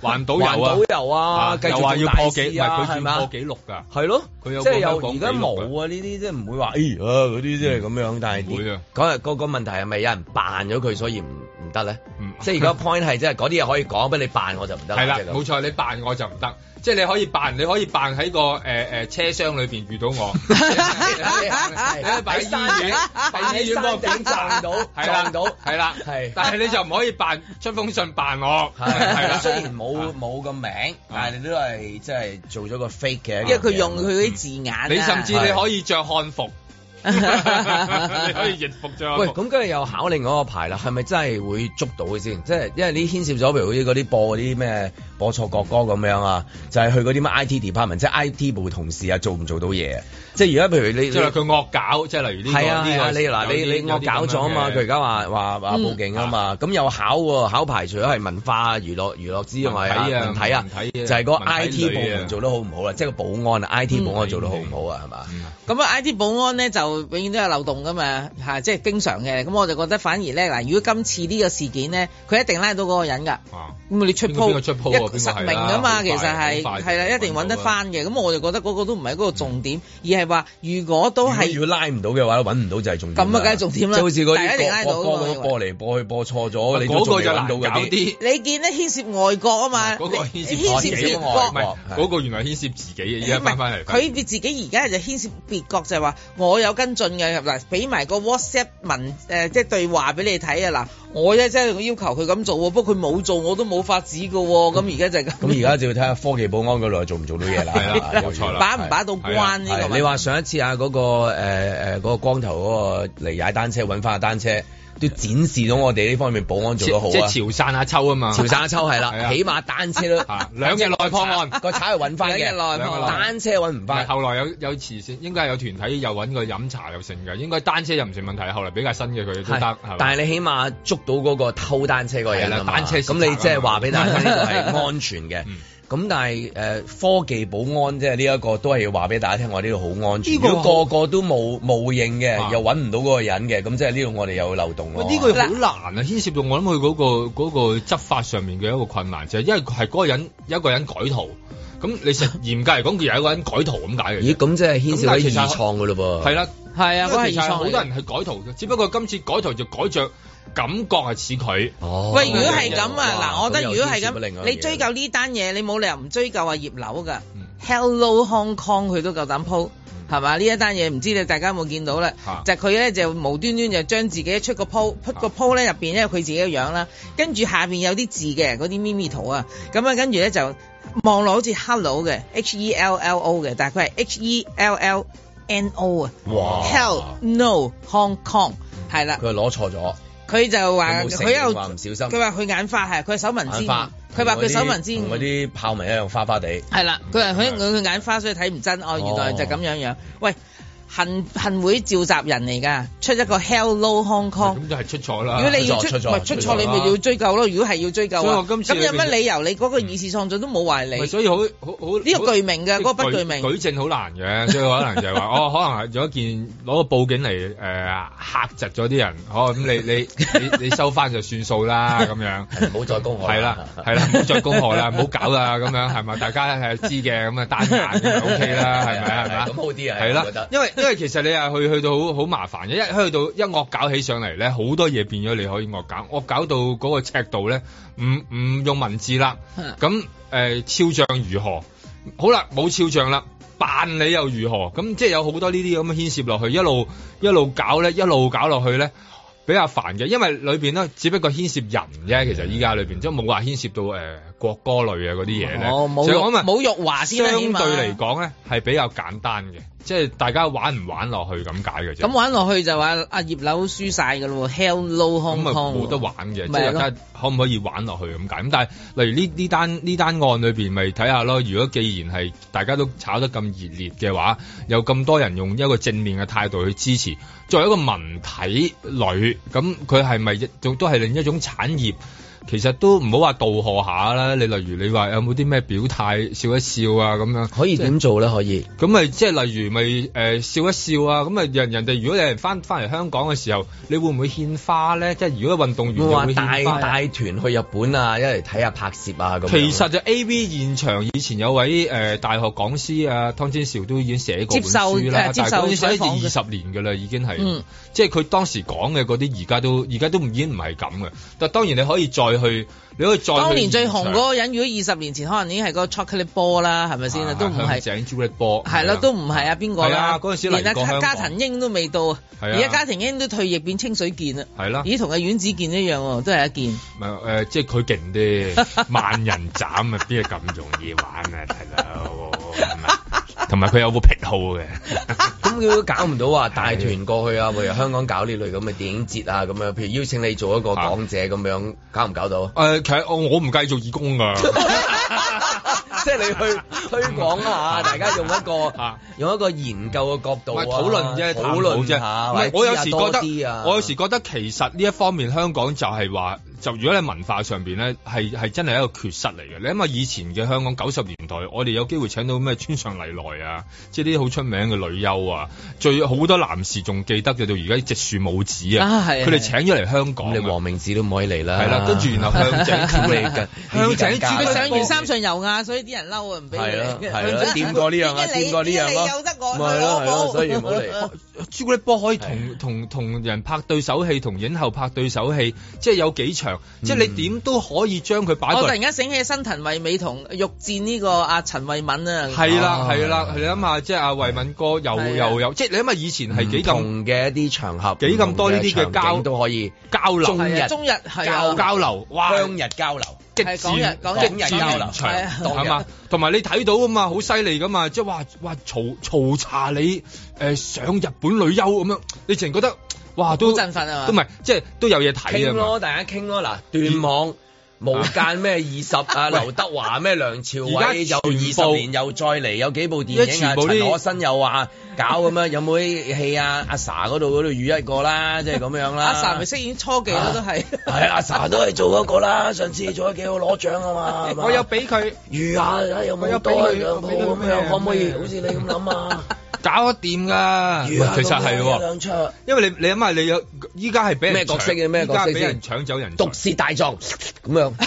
還。導遊啊，導遊啊，又話要破記，唔係佢要破紀錄㗎，係咯，即係又而家冇啊呢啲，即係唔會話，誒嗰啲即係咁樣，但係會啊，嗰日個個問題係咪有人扮咗佢，所以唔唔得咧？即係而家 point 係即係嗰啲嘢可以講俾你扮，我就唔得。係啦，冇錯，你扮我就唔得。即係你可以扮，你可以扮喺個誒誒車廂裏邊遇到我，喺醫院，喺醫院幫片賺到，賺到，係啦，係。但係你就唔可以扮春封信扮我，係啦。雖然冇冇個名，但係你都係即係做咗個 fake 嘅。因為佢用佢啲字眼，你甚至你可以着漢服，你可以粵服著。喂，咁跟住又考另外一個牌啦，係咪真係會捉到先？即係因為你牽涉咗，譬如嗰啲播嗰啲咩？播錯國歌咁樣啊，就係去嗰啲乜 IT department，即係 IT 部同事啊，做唔做到嘢？即係而家譬如你，佢惡搞，即係例如呢啲，呢個，你嗱你你惡搞咗啊嘛，佢而家話話話報警啊嘛，咁又考考牌，除咗係文化娛樂娛樂之外，睇啊，就係個 IT 部門做得好唔好啦？即係個保安啊，IT 保安做得好唔好啊？係嘛？咁啊，IT 保安咧就永遠都有漏洞噶嘛，即係經常嘅。咁我就覺得反而咧嗱，如果今次呢個事件咧，佢一定拉到嗰個人㗎。咁啊，你出鋪實名㗎嘛，其實係係啦，一定揾得翻嘅。咁我就覺得嗰個都唔係嗰個重點，而係話如果都係如果拉唔到嘅話，揾唔到就係重點。咁啊，梗係重點啦！就係一定拉到。播到波嚟波去波錯咗，你個就難搞啲。你見咧牽涉外國啊嘛？嗰個牽涉外國，嗰個原來牽涉自己嘅，而家翻嚟。佢自己而家就牽涉別國，就係話我有跟進嘅，嗱，俾埋個 WhatsApp 文誒，即係對話俾你睇啊！嗱，我一即係要求佢咁做，不過佢冇做，我都冇法子噶。咁。而家就咁，而家 <laughs> 就要睇下科技保安嗰度又做唔做到嘢的啦，係啦，冇錯啦，把唔把到關呢的的個？你話上一次啊，嗰、嗰個誒誒嗰個光頭，嗰、嗰個嚟踩單車揾翻個單車。都展示到我哋呢方面保安做得好，即係潮汕阿秋啊嘛， <laughs> 潮汕阿秋係啦，啊、起碼單車都兩日內破案，個賊嚟，揾翻嘅，兩日內兩日內破案，單車揾唔翻。後來有有慈善，應該係有團體又揾佢飲茶又成嘅，應該單車又唔成問題，後來比較新嘅佢都得、啊啊、但係你起碼捉到嗰個偷單車嗰個嘢啦，啊、吧單車，咁你即係話俾大家知道係安全嘅。 <laughs> 嗯咁、嗯、但係誒、呃、科技保安即係呢一個都係要話俾大家聽，我呢度好安全。這個、如果個個都冇冇認嘅，啊、又揾唔到嗰個人嘅，咁即係呢度我哋有漏洞。呢、啊、個好難啊，牽涉到我諗佢嗰個嗰、嗰個執法上面嘅一個困難，就係因為佢係嗰個人一個人改圖，咁你實嚴格嚟講，佢 <laughs> 有一個人改圖咁解嘅。咦？咁即係牽涉喺原創嘅嘞噃？係啦，係啊，嗰啲好多人係改圖嘅， <laughs> 只不過今次改圖就改着。感覺係似佢，喂，如果係咁啊，嗱，我覺得如果係咁，你追究呢單嘢，你冇理由唔追究啊葉劉㗎，Hello Hong Kong，佢都夠膽 po，係嘛？呢一單嘢唔知你大家有冇見到咧？就佢咧就無端端就將自己出個 po，個 po 咧入邊咧佢自己個樣啦，跟住下邊有啲字嘅嗰啲咪咪圖啊，咁啊跟住咧就望落好似 Hello 嘅，H E L L O 嘅，但係佢係 H E L L N O 啊，哇，Hell No Hong Kong 係啦，佢係攞錯咗。佢就話佢又唔小心，佢話佢眼花係佢係手紋尖，佢話佢手紋尖，嗰啲泡紋一樣花花哋係啦，佢話佢佢佢眼花，所以睇唔真哦。原來就咁樣樣，哦，喂。恆恆會召集人嚟噶，出一個 Hello Hong Kong，咁就係出錯啦。如果你要出，唔出錯，你咪要追究咯。如果係要追究，咁有乜理由？你嗰個二次創造都冇壞你。所以好好呢個罪名嘅嗰個不罪名，舉證好難嘅，所以可能就係話，哦，可能係做一件攞個報警嚟誒嚇窒咗啲人，哦咁你你你收翻就算數啦咁樣，唔好再攻我。係啦，係啦，唔好再攻我啦，唔好搞啦咁樣係咪大家係知嘅咁啊，單眼咁啊 OK 啦，係咪啊？係啊，咁好啲啊，係。係啦，因為。因為其實你啊去去到好好麻煩嘅，一去到一惡搞起上嚟咧，好多嘢變咗你可以惡搞，惡搞到嗰個尺度咧，唔唔用文字啦，咁誒、呃，肖像如何？好啦，冇肖像啦，辦理又如何？咁即係有好多呢啲咁嘅牽涉落去，一路一路搞咧，一路搞落去咧，比較煩嘅，因為裏邊咧只不過牽涉人啫，其實依家裏邊即係冇話牽涉到誒。呃國歌類、哦、啊嗰啲嘢咧，所以講啊，冇辱華先，相對嚟講咧係比較簡單嘅，即係大家玩唔玩落去咁解嘅啫。咁玩落去就話阿葉劉輸晒噶咯，hell no, Hong Kong。咁冇得玩嘅，嗯、即係大家可唔可以玩落去咁解？咁但係例如呢呢單呢單案裏邊，咪睇下咯。如果既然係大家都炒得咁熱烈嘅話，有咁多人用一個正面嘅態度去支持，作為一個文體類，咁佢係咪亦仲都係另一種產業？其實都唔好話道賀下啦。你例如你話有冇啲咩表態，笑一笑啊咁樣。可以點做咧？可以咁咪即係例如咪、誒、笑一笑啊。咁啊人人哋如果有人翻翻嚟香港嘅時候，你會唔會獻花咧？即係如果運動員哇會帶帶團去日本啊，一嚟睇下拍攝啊咁。其實就 A V 現場以前有位誒、呃、大學講師啊湯禎兆都已經寫過本書啦，接受寫咗二十年噶啦，已經係，嗯、即係佢當時講嘅嗰啲，而家都而家都已經唔係咁嘅。但係當然你可以再。去你可以再。當年最紅嗰個人，如果二十年前可能已經係個 Chocolate Ball 啦，係咪先啊？都唔係。井朱立波。係咯，都唔係啊，邊個啦？係啊，連家陳英都未到啊。係啊。而家家陳英都退役變清水健啊，係啦。咦同阿阮子健一樣，都係一件。唔係誒，即係佢勁啲，萬人斬啊，邊係咁容易玩啊？係啦。同埋佢有個癖好嘅。咁佢都搞唔到話帶團過去啊？譬如香港搞呢類咁嘅電影節啊，咁樣譬如邀請你做一個講者咁樣，搞唔搞到？誒、嗯，其實我唔介意做義工噶， <laughs> <laughs> 即係你去推廣下，大家用一個、啊、用一個研究嘅角度，討論啫，討論啫。唔、啊、我有時覺得，啊、我有時覺得，其實呢一方面，香港就係話。就如果喺文化上邊咧，係係真係一個缺失嚟嘅。你諗下以前嘅香港九十年代，我哋有機會請到咩川上麗奈啊，即係啲好出名嘅女優啊，最好多男士仲記得嘅到而家直樹母子啊，佢哋請咗嚟香港。你黃明志都唔可以嚟啦。係啦，跟住然後佢請住嚟嘅，佢請住佢請完三上悠亞啊，所以啲人嬲啊，唔俾。係咯係咯。點過呢樣啊？點過呢樣咯？唔係咯，所以唔好嚟。朱古力波可以同同同人拍對手戲，同影后拍對手戲，即係有幾場。即係你點都可以將佢擺在。我突然間醒起，新藤惠美同玉戰呢個阿陳惠敏啊。係啦，係啦，你諗下，即係阿惠敏哥又又有，即係你諗下以前係幾咁嘅一啲場合，幾咁多呢啲嘅交都可以交流。中日交流哇，中日交流，即係講日講日交流，係嘛？同埋你睇到啊嘛，好犀利噶嘛，即係話話嘈嘈查你誒上日本旅遊咁樣，你淨覺得。哇！都好振奮啊都唔係，即係都有嘢睇咯，大家傾咯。嗱，斷網，無間咩二十啊，劉德華咩梁朝偉，又二十年又再嚟有幾部電影啊，部陳可辛又話。搞咁樣有冇戲啊？阿 sa 嗰度嗰度預一個啦，即係咁樣啦。 <music> 阿 sa 咪飾演初級咯，都 <laughs> 係。 <laughs> 係阿 sa 都係做一個啦，上次做得幾好攞獎啊嘛。 <laughs> 我有俾佢預下，睇有冇多佢兩鋪咁樣，樣、啊，可唔可以？好似你咁諗啊， <laughs> 搞得掂噶。其實係因為你你諗下，你，想想你有依家係俾咩角色嘅咩角色先？俾人搶走人。毒舌大狀咁樣。 <laughs>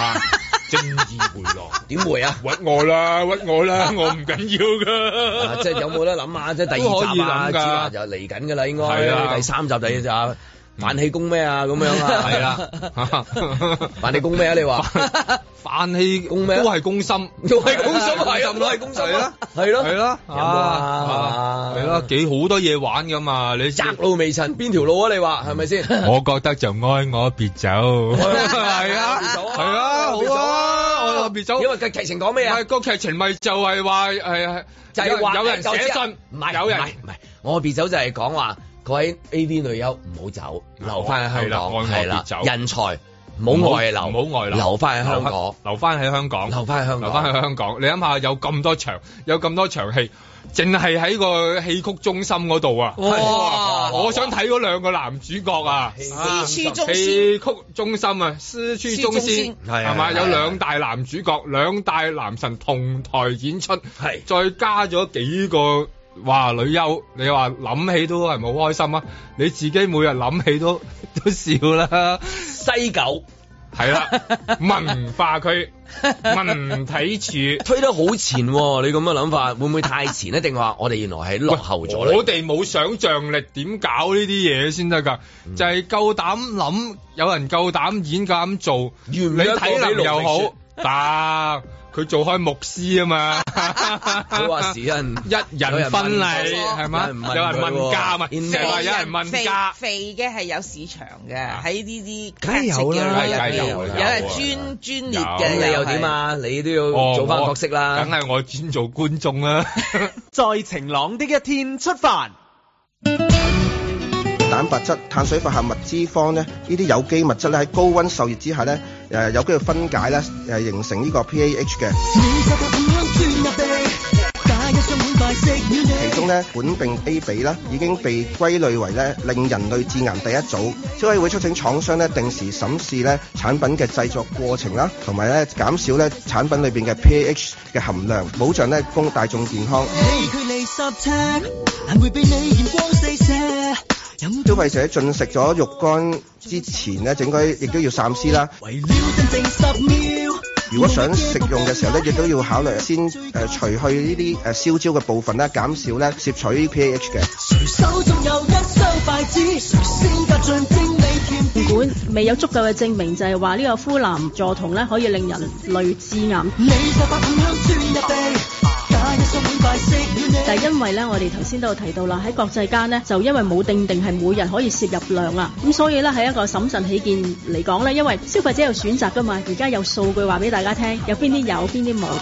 正義回廊點回，啊，屈我啦，屈我啦，我唔緊要噶、 <laughs> <laughs> 啊。即係有冇得諗下、啊？即係第二集啊，可以諗下，就嚟緊噶啦，應該係啊，第三集、嗯、第二集。扮氣功咩啊？咁樣啊？係啦，扮氣功咩啊？你話？扮氣功咩？都係攻心，都係攻心，係唔係？攻心係咯，係咯，係咯，係咯，幾好多嘢玩噶嘛？你窄路未行，邊條路啊？你話係咪先？我覺得就愛我別走，係啊，係啊，好啊，我別走。因為個劇情講咩啊？個劇情咪就係話係，就有人寫信，唔係，唔係，唔係，我別走就係講話。各位 AV 女優唔好走，留翻喺香港。係啦，人才唔好外流，唔好外流，留翻喺香港，留翻喺香港，留翻喺香港。你諗下，有咁多場，有咁多場戲，淨係喺個戲曲中心嗰度啊！哇！我想睇嗰兩個男主角啊，戲曲中心啊，戲曲中心係嘛？有兩大男主角，兩大男神同台演出，係再加咗幾個。哇，女優，你話諗起都係咪好開心啊！你自己每日諗起都都笑啦。西九係啦， <laughs> 文化區文體處推得好前哦，你咁嘅諗法會唔會太前定話我哋原來係落後咗？我哋冇想象力，點搞呢啲嘢先得噶？就係夠膽諗，有人夠膽演，夠膽做，原你睇能又好。路 佢做開牧師啊嘛，話事人一人婚禮係嘛？又係問價咪，成日有人問價，肥嘅係有市場嘅，喺呢啲，梗係有啦，梗有，有係專專業嘅，你又點啊？你都要做翻角色啦，梗係我專做觀眾啦。在晴朗的一天出發。蛋白質、碳水化合物、脂肪咧，呢啲有機物質咧，喺高溫受熱之下咧。誒有機會分解咧，誒形成呢個 PAH 嘅。其中咧，苯並 a 芘啦，已經被歸類為咧令人類致癌第一組。消委會促請廠商咧，定時審視咧產品嘅製作過程啦，同埋咧減少咧產品裏邊嘅 PAH 嘅含量，保障咧供大眾健康。消費者進食咗肉乾之前咧，整體亦都要三思啦。為正正如果想食用嘅時候咧，亦都要考慮先誒、呃、除去呢啲誒燒焦嘅部分啦，減少咧攝取 P A H 嘅。儘管未有足夠嘅證明，就係話呢個呋喃唑酮咧可以令人類致癌。啊。但係因為咧，我哋頭先都有提到啦，喺國際間咧就因為冇定定係每日可以攝入量啊，咁所以咧喺一個審慎起見嚟講咧，因為消費者有選擇噶嘛，而家有數據話俾大家聽，有邊啲有，邊啲冇。 <noise>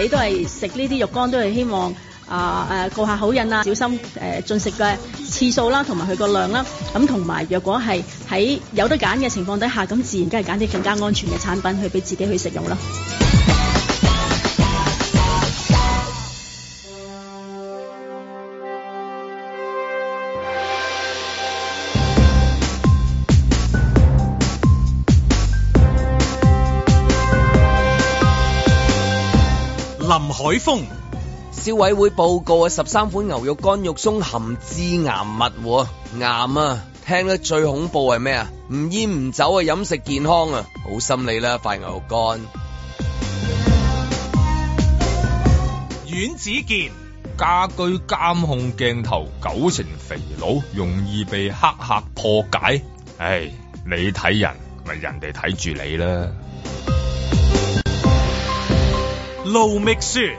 你都係食呢啲肉乾，都係希望。啊誒過下口癮啊，小心誒、呃、進食嘅次數啦，同埋佢個量啦。咁同埋若果係喺有得揀嘅情況底下，咁自然梗係揀啲更加安全嘅產品去俾自己去食用啦。林海峰。消委會報告啊，十三款牛肉乾肉鬆含致癌物，啱啊！聽得最恐怖係咩啊？唔煙唔酒啊，飲食健康啊，好心理啦，塊牛肉乾。阮子健，家居監控鏡頭九成肥佬，容易被黑客破解。唉，你睇人咪人哋睇住你啦。盧覓雪。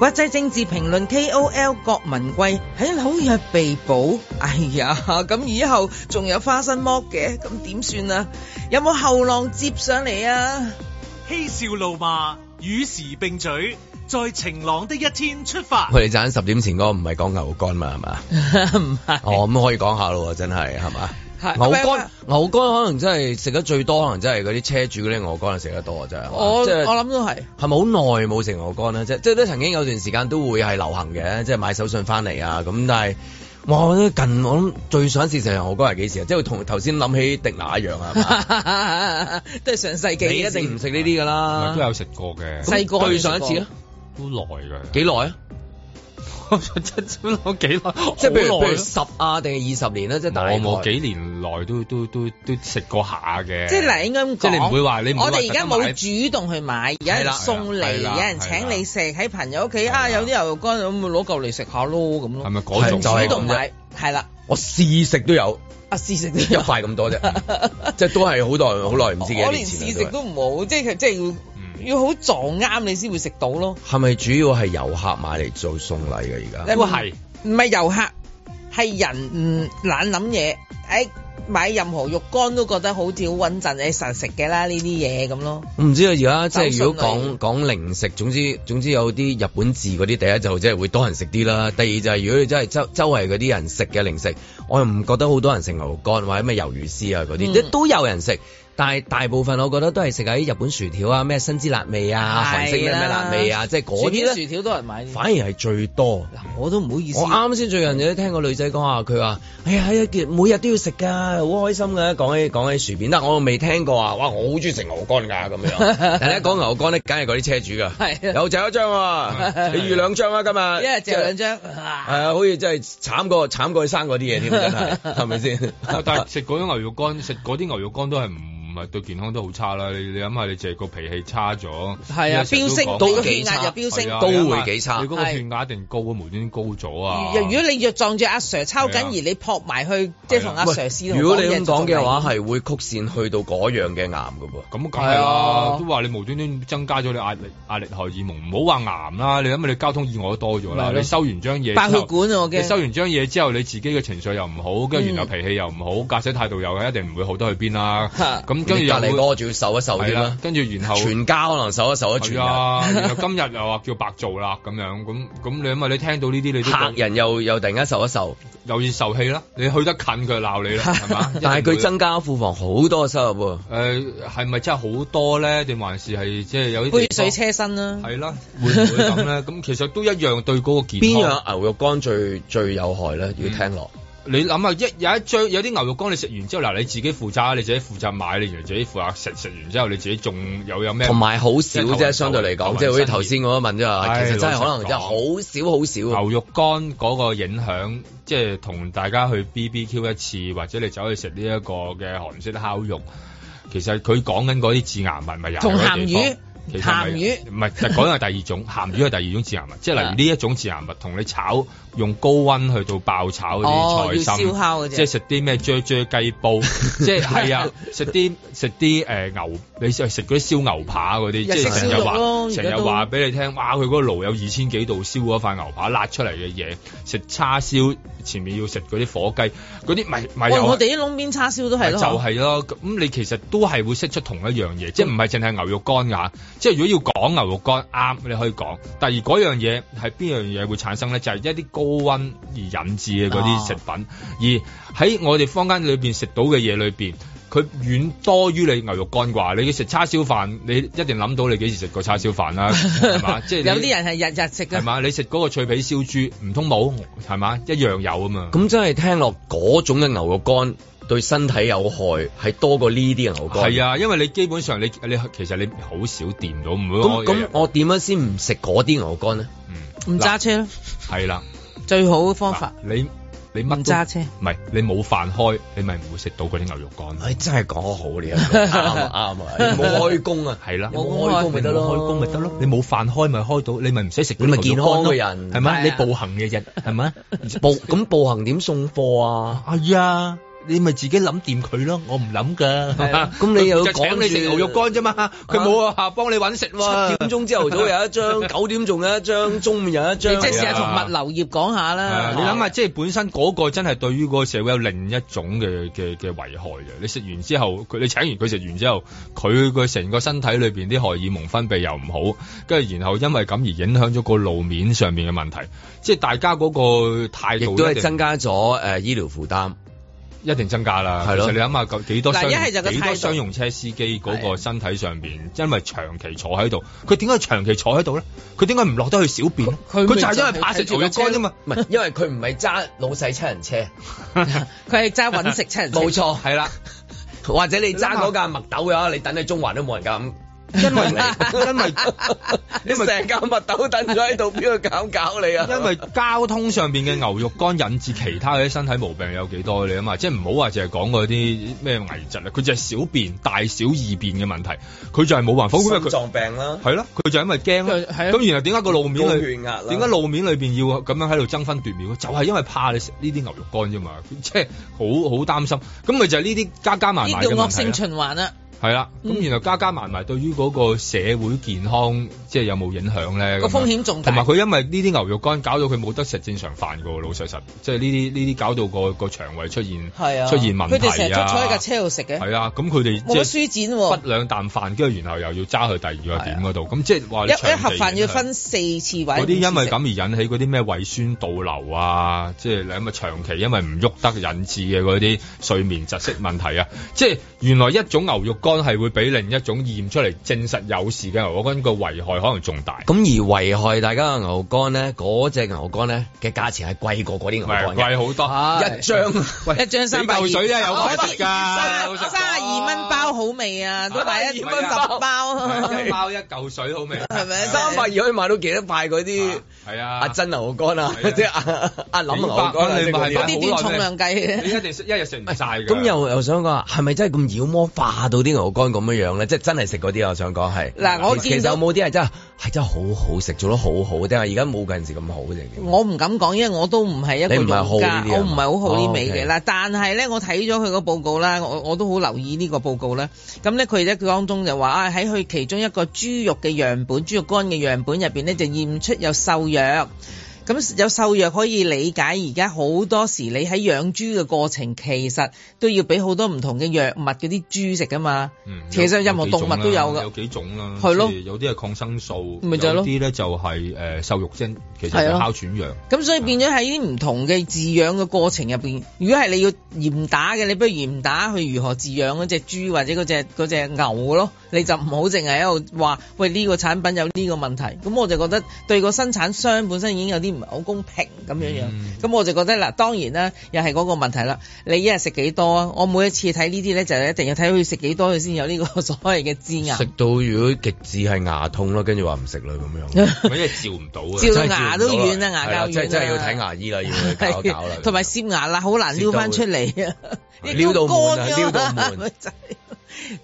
國際政治評論 KOL 郭文貴喺紐約被捕。哎呀，咁以後仲有花生剝嘅，咁點算啊？有冇後浪接上嚟啊？嬉笑怒罵與時並舉，在晴朗的一天出發。佢哋就喺十點前嗰個唔係講牛肝嘛，係嘛？唔係 <laughs> 是，哦咁可以講下咯，真係係嘛？是牛肝，是是牛肝可能真係食得最多，可能真係嗰啲車主嗰啲牛肝食得多啊！真係，我、就是、我諗都係。係咪好耐冇食牛肝咧？即即都曾經有段時間都會係流行嘅，即、就、係、是、買手信翻嚟啊！咁但係我咧近，我諗最想試食牛肝係幾時啊？即係同頭先諗起迪娜一樣啊，即係 <laughs> 上世紀。你一定唔食呢啲㗎啦。都有食過嘅。細個對上一次啊，都耐㗎。幾耐啊？咁即係攞幾耐，即係譬如十啊，定係二十年咧，即係大概。我冇幾年內都都都都食過下嘅。即係嗱，應該咁講，即係你唔會話你。我哋而家冇主動去買，有人送嚟，有人請你食喺朋友屋企啊。有啲牛肉乾，咁咪攞嚿嚟食下咯，咁咯。咁啊，嗰種主動買，係啦。我試食都有，啊試食都一塊咁多啫，即係都係好耐好耐唔知嘅。我連試食都唔好，即係即係要。要好撞啱你先會食到咯。係咪主要係遊客買嚟做送禮嘅而家？都係唔係遊客，係人唔懶諗嘢。誒，買任何肉乾都覺得好似好穩陣，你實食嘅啦呢啲嘢咁咯。唔知啊，而家即係如果講講零食，總之總之有啲日本字嗰啲，第一就即係會多人食啲啦。第二就係如果你真係周周圍嗰啲人食嘅零食，我又唔覺得好多人食牛肉乾或者咩魷魚絲啊嗰啲，都有人食。但係大部分，我覺得都係食喺日本薯條啊，咩辛子辣味啊，韓式咩咩辣味啊，即係嗰啲薯條都係買，反而係最多。嗱，我都唔好意思。我啱先最近有聽個女仔講話，佢話：哎呀，每日都要食㗎，好開心㗎。講起講起薯片，嗱，我未聽過啊。哇，我好中意食牛肝㗎咁樣。但一講牛肝咧，梗係嗰啲車主㗎，有就一張，你預兩張啦今日。一日就兩張。係啊，好似真係慘過慘過生嗰啲嘢添，真係，係咪先？但係食嗰種牛肉乾，食嗰啲牛肉乾都係唔～唔係對健康都好差啦！你你諗下，你淨係個脾氣差咗，係啊，飆升，你個血壓又飆升，都會幾差。你個血壓一定高啊，無端端高咗啊！如果你若撞住阿 Sir 抄緊，而你撲埋去，即係同阿 Sir 如果你咁講嘅話，係會曲線去到嗰樣嘅癌噶噃。咁梗係啦，都話你無端端增加咗你壓力，壓力荷爾蒙，唔好話癌啦。你諗下，你交通意外都多咗啦，你收完張嘢，血管你收完張嘢之後，你自己嘅情緒又唔好，跟住原來脾氣又唔好，駕駛態度又一定唔會好得去邊啦。跟住隔籬哥仲要受一受啲啦、啊，跟住然後全家可能受一受得住日，啊、 <laughs> 然後今日又話叫白做啦咁樣，咁咁你因為你聽到呢啲你啲客人又又突然間受一受，又要受氣啦，你去得近佢鬧你啦，係嘛 <laughs> 吧？但係佢增加庫房好多收入喎、啊。誒係咪真係好多咧？定還是係即係有啲杯水車薪啦、啊？係 <laughs> 啦、啊，會唔會咁咧？咁 <laughs> 其實都一樣對嗰個健康。邊樣牛肉乾最最有害咧？要聽落。嗯你諗下，一有一張有啲牛肉乾，你食完之後，嗱你自己負責你自己負責買，你完自己負責食食完之後，你自己仲有有咩？同埋好少啫，相對嚟講，即係好似頭先我問啫，其實真係可能真係好少好少。牛肉乾嗰個影響，即係同大家去 B B Q 一次，或者你走去食呢一個嘅韓式烤肉，其實佢講緊嗰啲致癌物咪有？同鹹魚，鹹魚唔係，講緊第二種，鹹魚係第二種致癌物，即係例如呢一種致癌物同你炒。用高溫去做爆炒嗰啲菜心，燒、哦、烤即係食啲咩啫啫雞煲， <laughs> 即係係啊食啲食啲誒、呃、牛，你食食嗰啲燒牛扒嗰啲，即係成日話成日話俾你聽哇！佢嗰個爐有二千幾度，燒嗰塊牛扒焫出嚟嘅嘢，食叉燒前面要食嗰啲火雞嗰啲咪咪。哇是我哋啲攏邊叉燒都係咯，就係咯。咁你其實都係會識出同一樣嘢、嗯，即係唔係淨係牛肉乾啊，即係如果要講牛肉乾啱，你可以講，但係而嗰樣嘢係邊樣嘢會產生咧？就係、是、一啲。高溫而引致嘅嗰啲食品，而喺我哋坊間裏邊食到嘅嘢裏邊，佢遠多於你牛肉乾啩？你食叉燒飯，你一定諗到你幾時食過叉燒飯啦，係嘛？即係有啲人係日日食噶，係嘛？你食嗰個脆皮燒豬，唔通冇係嘛？一樣有啊嘛。咁真係聽落嗰種嘅牛肉乾對身體有害，係多過呢啲牛肉乾。係啊，因為你基本上你你其實你好少掂到唔會。咁我點樣先唔食嗰啲牛肉乾咧？唔揸車啦。係啦。最好嘅方法，你你乜揸車？唔係你冇飯開，你咪唔會食到嗰啲牛肉乾。唉，真係講好你，啱唔啱啊？冇開工啊，係啦，唔好開工咪得咯，開工咪得咯。你冇飯開咪開到，你咪唔使食，你咪健康個人係咪？你步行嘅啫，係咪？步咁步行點送貨啊？係啊。你咪自己諗掂佢咯，我唔諗噶。咁你又講 <laughs> 就請你食牛肉乾啫嘛，佢冇啊，幫你搵食。七點鐘朝頭早有一張，九 <laughs> 點仲有一張， <laughs> 中午有一張。即係成日同物流業講下啦。啊啊、你諗下，啊、即係本身嗰個真係對於個社會有另一種嘅嘅嘅危害嘅。你食完之後，佢你請完佢食完之後，佢個成個身體裏邊啲荷爾蒙分泌又唔好，跟住然後因為咁而影響咗個路面上面嘅問題，即係大家嗰個態度亦都係增加咗誒醫療負擔。啊啊啊啊啊啊啊啊一定增加啦，其實你諗下幾多，嗱一係就個太多，幾多商用車司機嗰個身體上邊，因為長期坐喺度，佢點解長期坐喺度咧？佢點解唔落得去小便？佢就係因為怕食住架車啫嘛，唔係因為佢唔係揸老細七人車，佢係揸揾食七人車，冇錯，係啦，或者你揸嗰架麥豆嘅話，你等喺中環都冇人咁。 <laughs> 因為因為，因為你成間麥豆等咗喺度，邊度搞搞你啊？ <laughs> 因為交通上邊嘅牛肉乾引致其他嘅身體毛病有幾多你啊嘛？即係唔好話淨係講嗰啲咩危疾，啊，佢就係小便、大小二便嘅問題，佢就係冇辦法管。心臟病啦、啊，係咯，佢就因為驚咁然後點解個路面裏？點解路，路面裏邊要咁樣喺度爭分奪秒？就係、是、因為怕你食呢啲牛肉乾啫嘛，即係好好擔心。咁咪就係呢啲加加埋埋，呢叫惡性循環啊！係啦，咁原來加加埋埋對於嗰個社會健康，即係有冇影響咧？個風險仲大，同埋佢因為呢啲牛肉乾搞到佢冇得食正常飯㗎喎，老實實，即係呢啲呢啲搞到個個腸胃出現係啊，出現問題啊，佢哋成日坐喺架車度食嘅，係啊，咁佢哋冇得舒展，不兩啖飯，跟住然後又要揸去第二個點嗰度，咁即係話一一盒飯要分四次位。嗰啲因為咁而引起嗰啲咩胃酸倒流啊，即係咁啊長期因為唔喐得引致嘅嗰啲睡眠窒息問題啊，即係原來一種牛肉乾。係會俾另一種驗出嚟證實有事嘅牛肝個危害可能仲大。咁而危害大家嘅牛肝咧，嗰隻牛肝咧嘅價錢係貴過嗰啲牛肝，貴好多。一張一張三廿水啫，有鬼三廿二蚊包好味啊，都買一蚊十包，一包一嚿水好味，係咪？三廿二可以買到幾多塊嗰啲？係啊，阿珍牛肝啊，即阿阿林牛肝，你咪係啲斷重量計，你一定一日食唔晒。咁又又想講，係咪真係咁妖魔化到啲？牛肝咁樣樣咧，即係真係食嗰啲，我想講係嗱，我其實有冇啲係真係真係好好食，做得好好，但係而家冇近陣時咁好定我唔敢講，因為我都唔係一個專家，用家吧我唔係好好味、哦 okay. 呢味嘅啦。但係咧，我睇咗佢個報告啦，我我都好留意呢個報告咧。咁咧，佢咧佢當中就話啊，喺佢其中一個豬肉嘅樣本、豬肉乾嘅樣本入邊咧，就驗出有瘦藥。咁、嗯、有獸藥可以理解，而家好多時你喺養豬嘅過程，其實都要俾好多唔同嘅藥物嗰啲豬食噶嘛。其實任何動物都有噶，有幾種啦，係咯，有啲係 <noise> 抗生素，咪有啲咧就係誒瘦肉精，其實係哮喘藥。咁的、嗯、所以變咗喺啲唔同嘅飼養嘅過程入邊，如果係你要嚴打嘅，你不如嚴打去如何飼養嗰隻豬或者嗰隻嗰隻牛咯？你就唔好淨係喺度話喂呢、呢個產品有呢個問題。咁我就覺得對個生產商本身已經有啲。好公平咁樣樣，咁、嗯、我就覺得嗱，當然啦，又係嗰個問題啦。你一日食幾多啊？我每一次睇呢啲咧，就一定要睇佢食幾多，佢先有呢個所謂嘅蛀牙。食到如果極致係牙痛咯，跟住話唔食啦咁樣，因照唔到，照牙都軟啦，牙膠軟啦，真真係要睇牙醫啦，要搞搞啦，同埋攝牙啦，好難撩翻出嚟啊，撩到滿撩 <laughs> 到滿 <laughs>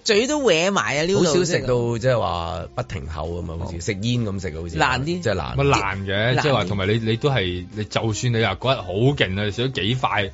嘴都歪埋啊！呢度好少食到即係話不停口啊嘛，好似食煙咁食，好似難啲，即係難。乜難嘅的？即係話同埋你，你都係你，就算你話嗰日好勁啊，食咗幾塊。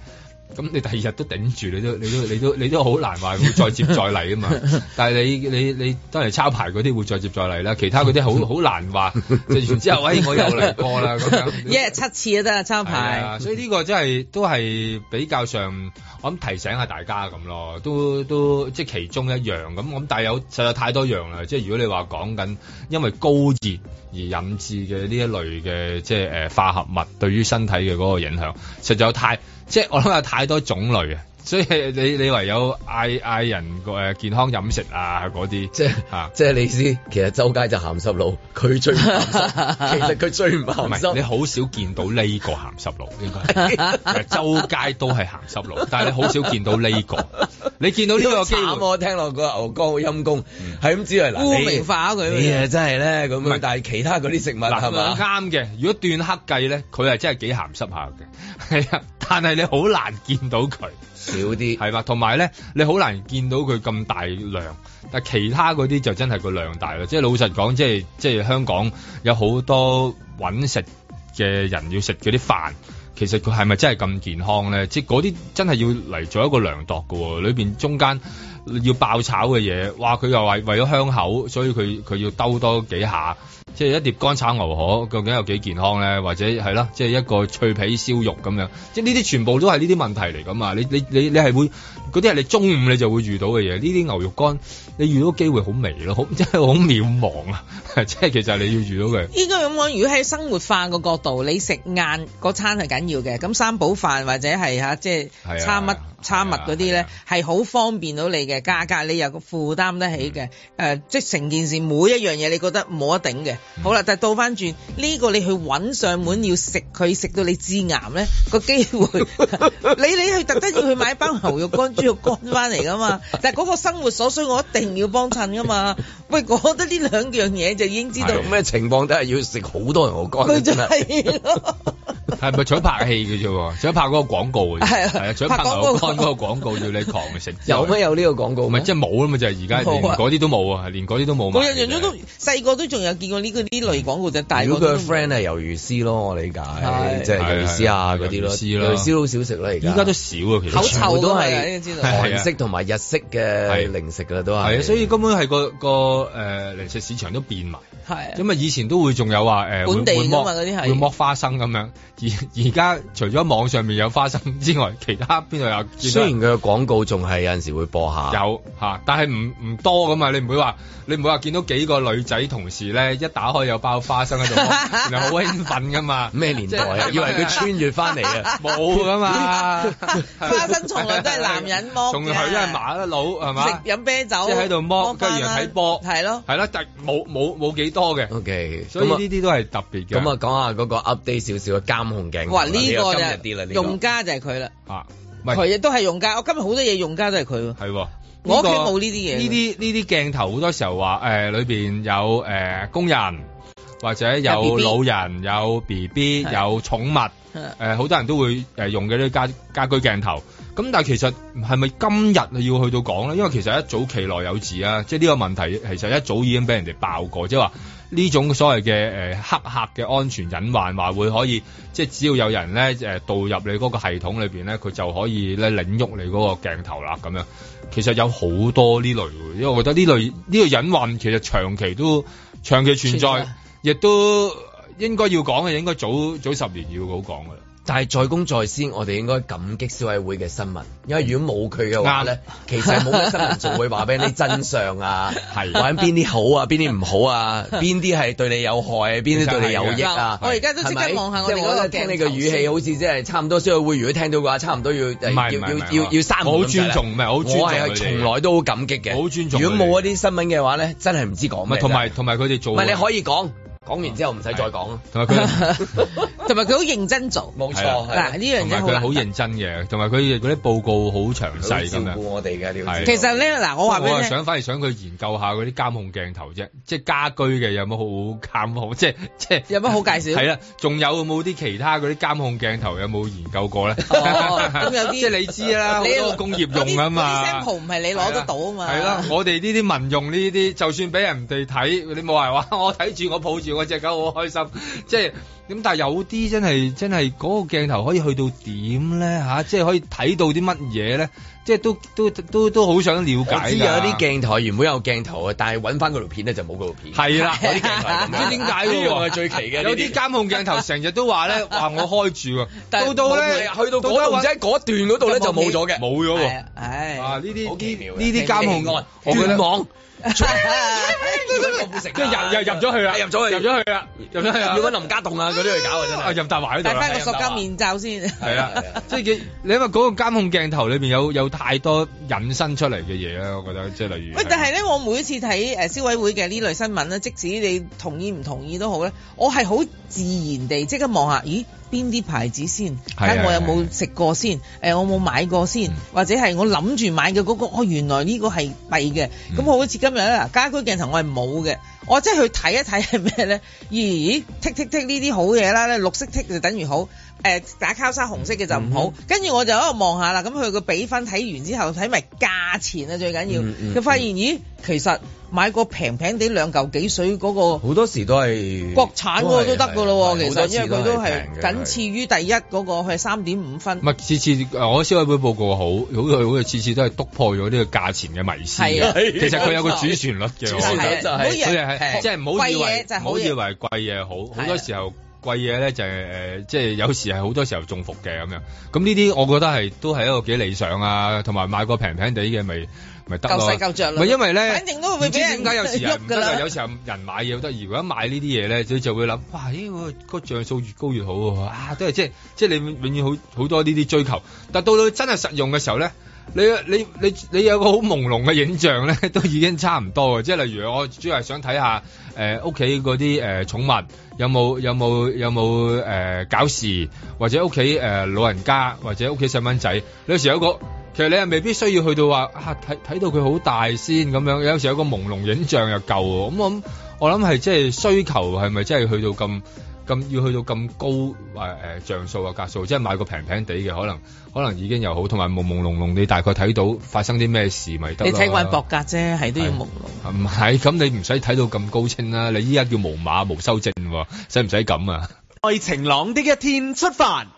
咁你第二日都頂住，你都你都你都你都好難話會再接再厲啊嘛！ <laughs> 但係你你你都係抄牌嗰啲會再接再厲啦，其他嗰啲好好難話。除完之後，喂、哎，我又嚟過啦，咁樣一日、 <laughs> yeah，七次啊，得抄牌。所以呢個真係都係比較上我諗提醒下大家咁咯，都都即係其中一樣咁。我咁但係有實在有太多樣啦，即係如果你話講緊因為高熱而引致嘅呢一類嘅即係誒、呃、化合物對於身體嘅嗰個影響，實在有太～即係我諗有太多種類啊！所以你你唯有嗌嗌人個誒健康飲食啊嗰啲，即係吓，即係你知，其實周街就鹹濕佬，佢最其實佢最唔好，唔係你好少見到呢個鹹濕佬，應該周街都係鹹濕佬，但係你好少見到呢個。你見到呢個慘，我聽落個牛哥好陰功，係咁之類。嗱，污名化佢。你啊真係咧咁啊，但係其他嗰啲食物係嘛啱嘅。如果斷黑計咧，佢係真係幾鹹濕下嘅，係啊，但係你好難見到佢。少啲，係嘛？同埋咧，你好難見到佢咁大量，但其他嗰啲就真係個量大咯。即係老實講，即係即係香港有好多揾食嘅人要食嗰啲飯，其實佢係咪真係咁健康咧？即係嗰啲真係要嚟做一個量度嘅喎、哦，裏邊中間要爆炒嘅嘢，哇！佢又係為咗香口，所以佢佢要兜多幾下。即係一碟乾炒牛河，究竟有幾健康咧？或者係啦，即係一個脆皮燒肉咁樣。即係呢啲全部都係呢啲問題嚟噶嘛？你你你你係會？嗰啲係你中午你就會遇到嘅嘢，呢啲牛肉乾你遇到機會好微咯，好即係好渺茫啊！即係 <laughs> <laughs> 其實你要遇到佢。應該咁講，如果喺生活化個角度，你食晏嗰餐係緊要嘅，咁三寶飯或者係吓、啊，即係餐乜餐物嗰啲咧係好方便到你嘅，價格你又負擔得起嘅，誒即係成件事每一樣嘢你覺得冇得頂嘅。嗯嗯、好啦，但係倒翻轉呢個你去揾上門要食佢食到你致癌咧個機會，你你去特登要去買一包牛肉乾。 <laughs> 要乾翻嚟㗎嘛，但係嗰個生活所需我一定要幫襯㗎嘛。喂，我覺得呢兩樣嘢就已經知道咩 <laughs> 情況底下要食好多人。牛乾。佢就係咯。係咪除咗拍戲嘅啫喎？除咗拍嗰個廣告啊！係啊，除咗拍牛肝嗰個廣告要你狂食。有咩有呢個廣告？唔係即係冇啊嘛！就係而家連嗰啲都冇啊，連嗰啲都冇。我印象中都細個都仲有見過呢個呢類廣告就，但係如果佢 friend 係魷魚絲咯，我理解即係魷魚絲啊嗰啲咯，魷魚絲好少食啦。而家都少啊，其實好臭都係韓式同埋日式嘅零食啦，都係。所以根本係個個誒零食市場都變埋。係。因為以前都會仲有話誒，本地㗎嘛嗰啲係，會剝花生咁樣。而而家除咗網上面有花生之外，其他邊度有？雖然佢嘅廣告仲係有陣時會播下，有嚇，但係唔唔多㗎嘛。你唔會話你唔會話見到幾個女仔同事咧，一打開有包花生喺度，係好興奮噶嘛？咩年代啊？以為佢穿越翻嚟啊？冇噶嘛！花生從來都係男人摸，仲係因為麻甩佬係嘛？食飲啤酒，即係喺度剝，跟住又睇波，係咯係咯，但係冇冇冇幾多嘅。OK，所以呢啲都係特別嘅。咁啊，講下嗰個 update 少少嘅監。哇！呢、這個就用家就係佢啦，係，亦都係用家。我今日好多嘢用家都係佢，係、啊。我屋企冇呢啲嘢，呢啲呢啲鏡頭好多時候話，誒、呃、裏邊有誒、呃、工人或者有老人有 B B 有寵物，誒好、啊啊呃、多人都會誒用嘅啲家家居鏡頭。咁但係其實係咪今日要去到講咧？因為其實一早期內有字啊，即係呢個問題其實一早已經俾人哋爆過，即係話。呢種所謂嘅誒黑客嘅安全隱患，話會可以即係只要有人咧誒、呃、導入你個系統裏邊咧，佢就可以咧領喐你個鏡頭啦咁樣。其實有好多呢類，因為我覺得呢類呢個隱患其實長期都長期存在，亦在都應該要講嘅，應該早早十年要好講嘅啦。但係在公在私，我哋應該感激消委會嘅新聞，因為如果冇佢嘅話咧，其實冇咩新聞仲會話俾你真相啊，或者邊啲好啊，邊啲唔好啊，邊啲係對你有害啊，邊啲對你有益啊。我而家都即刻望下我哋嗰個。聽你嘅語氣，好似即係差唔多消委會如果聽到嘅話，差唔多要要要要刪。我好尊重，唔係好尊重。我係從來都好感激嘅，好尊重。如果冇一啲新聞嘅話咧，真係唔知講乜。同埋同埋佢哋做。唔係你可以講。講完之後唔使再講啦。同埋佢，同埋佢好認真做，冇錯。嗱，呢樣嘢佢好認真嘅，同埋佢嗰啲報告好詳細咁樣。照顧我哋嘅，其實咧嗱，我話俾你，想反而想佢研究下嗰啲監控鏡頭啫，即係家居嘅有冇好坎坷，即係即係有冇好介紹？係啦，仲有冇啲其他嗰啲監控鏡頭有冇研究過咧？咁有啲，即係你知啦，好多工業用啊嘛。sample 唔係你攞得到啊嘛。係啦，我哋呢啲民用呢啲，就算俾人哋睇，你冇係話，我睇住，我抱住。我隻狗好開心，即係咁，但係有啲真係真係嗰個鏡頭可以去到點咧吓？即係可以睇到啲乜嘢咧？即係都都都都好想了解。我知有啲鏡頭原本有鏡頭嘅，但係揾翻嗰條片咧就冇嗰條片。係啦，嗰啲鏡頭唔知點解。最奇嘅有啲監控鏡頭，成日都話咧話我開住，到到咧去到嗰唔使嗰段嗰度咧就冇咗嘅，冇咗喎。唉，呢啲呢啲監控案絕望。即係入入入咗去啦，入咗去，入咗去啦，入咗去，要揾林家棟啊嗰啲去搞啊，任達華度。戴翻個塑膠面罩先。係啦，即係你因為嗰個監控鏡頭裏邊有有太多引申出嚟嘅嘢啦，我覺得即係例如。喂，但係咧，我每次睇誒消委會嘅呢類新聞咧，即使你同意唔同意都好咧，我係好自然地即刻望下，咦？邊啲牌子先？睇下我有冇食過先？誒、呃，我冇買過先，或者係我諗住買嘅嗰、嗰個，我、哦、原來個幣呢個係弊嘅。咁好似今日咧，家居鏡頭我係冇嘅，我即係去睇一睇係咩咧？咦，剔剔剔呢啲好嘢啦，咧綠色剔就等於好，誒、呃、打交叉紅色嘅就唔好。跟住、嗯、哼我就喺度望下啦，咁佢個比分睇完之後，睇埋價錢啊最緊要，佢發現嗯嗯嗯咦，其實。買個平平地兩嚿幾水嗰個，好多時都係國產嗰個都得噶咯，其實因為佢都係僅次於第一嗰個係三點五分。唔係次次我消委會報告好，好佢次次都係督破咗呢個價錢嘅迷思。其實佢有個主旋律嘅，係一樣嘢，即係唔好以為唔好以為貴嘢好，好多時候貴嘢咧就係誒，即係有時係好多時候中伏嘅咁樣。咁呢啲我覺得係都係一個幾理想啊，同埋買個平平地嘅咪。咪得咯，唔係因為咧，反正都唔知點解有時係唔得。有時候人買嘢好得意，如果 <laughs> 買呢啲嘢咧，你就，就會諗哇，呢、欸那個個像素越高越好啊！啊都係即係即係你永遠好好多呢啲追求。但到到真係實用嘅時候咧，你你你你有個好朦朧嘅影像咧，都已經差唔多即係例如我主要係想睇下誒屋企嗰啲誒寵物有冇有冇有冇誒、呃、搞事，或者屋企誒老人家或者屋企細蚊仔，有時有一個。其實你又未必需要去到話啊睇，睇到佢好大先咁樣，有時有個朦朧影像又夠喎。咁、嗯、我諗我諗係即係需求係咪真係去到咁咁要去到咁高誒誒、啊呃、像素啊格數，即係買個平平地嘅，可能可能已經又好，同埋朦朦朧朧你大概睇到發生啲咩事咪得。你請問博格啫，係都要朦朧。唔係，咁你唔使睇到咁高清啦、啊。你依家叫無碼無修正，使唔使咁啊？為、啊、 <laughs> 晴朗的一天出發。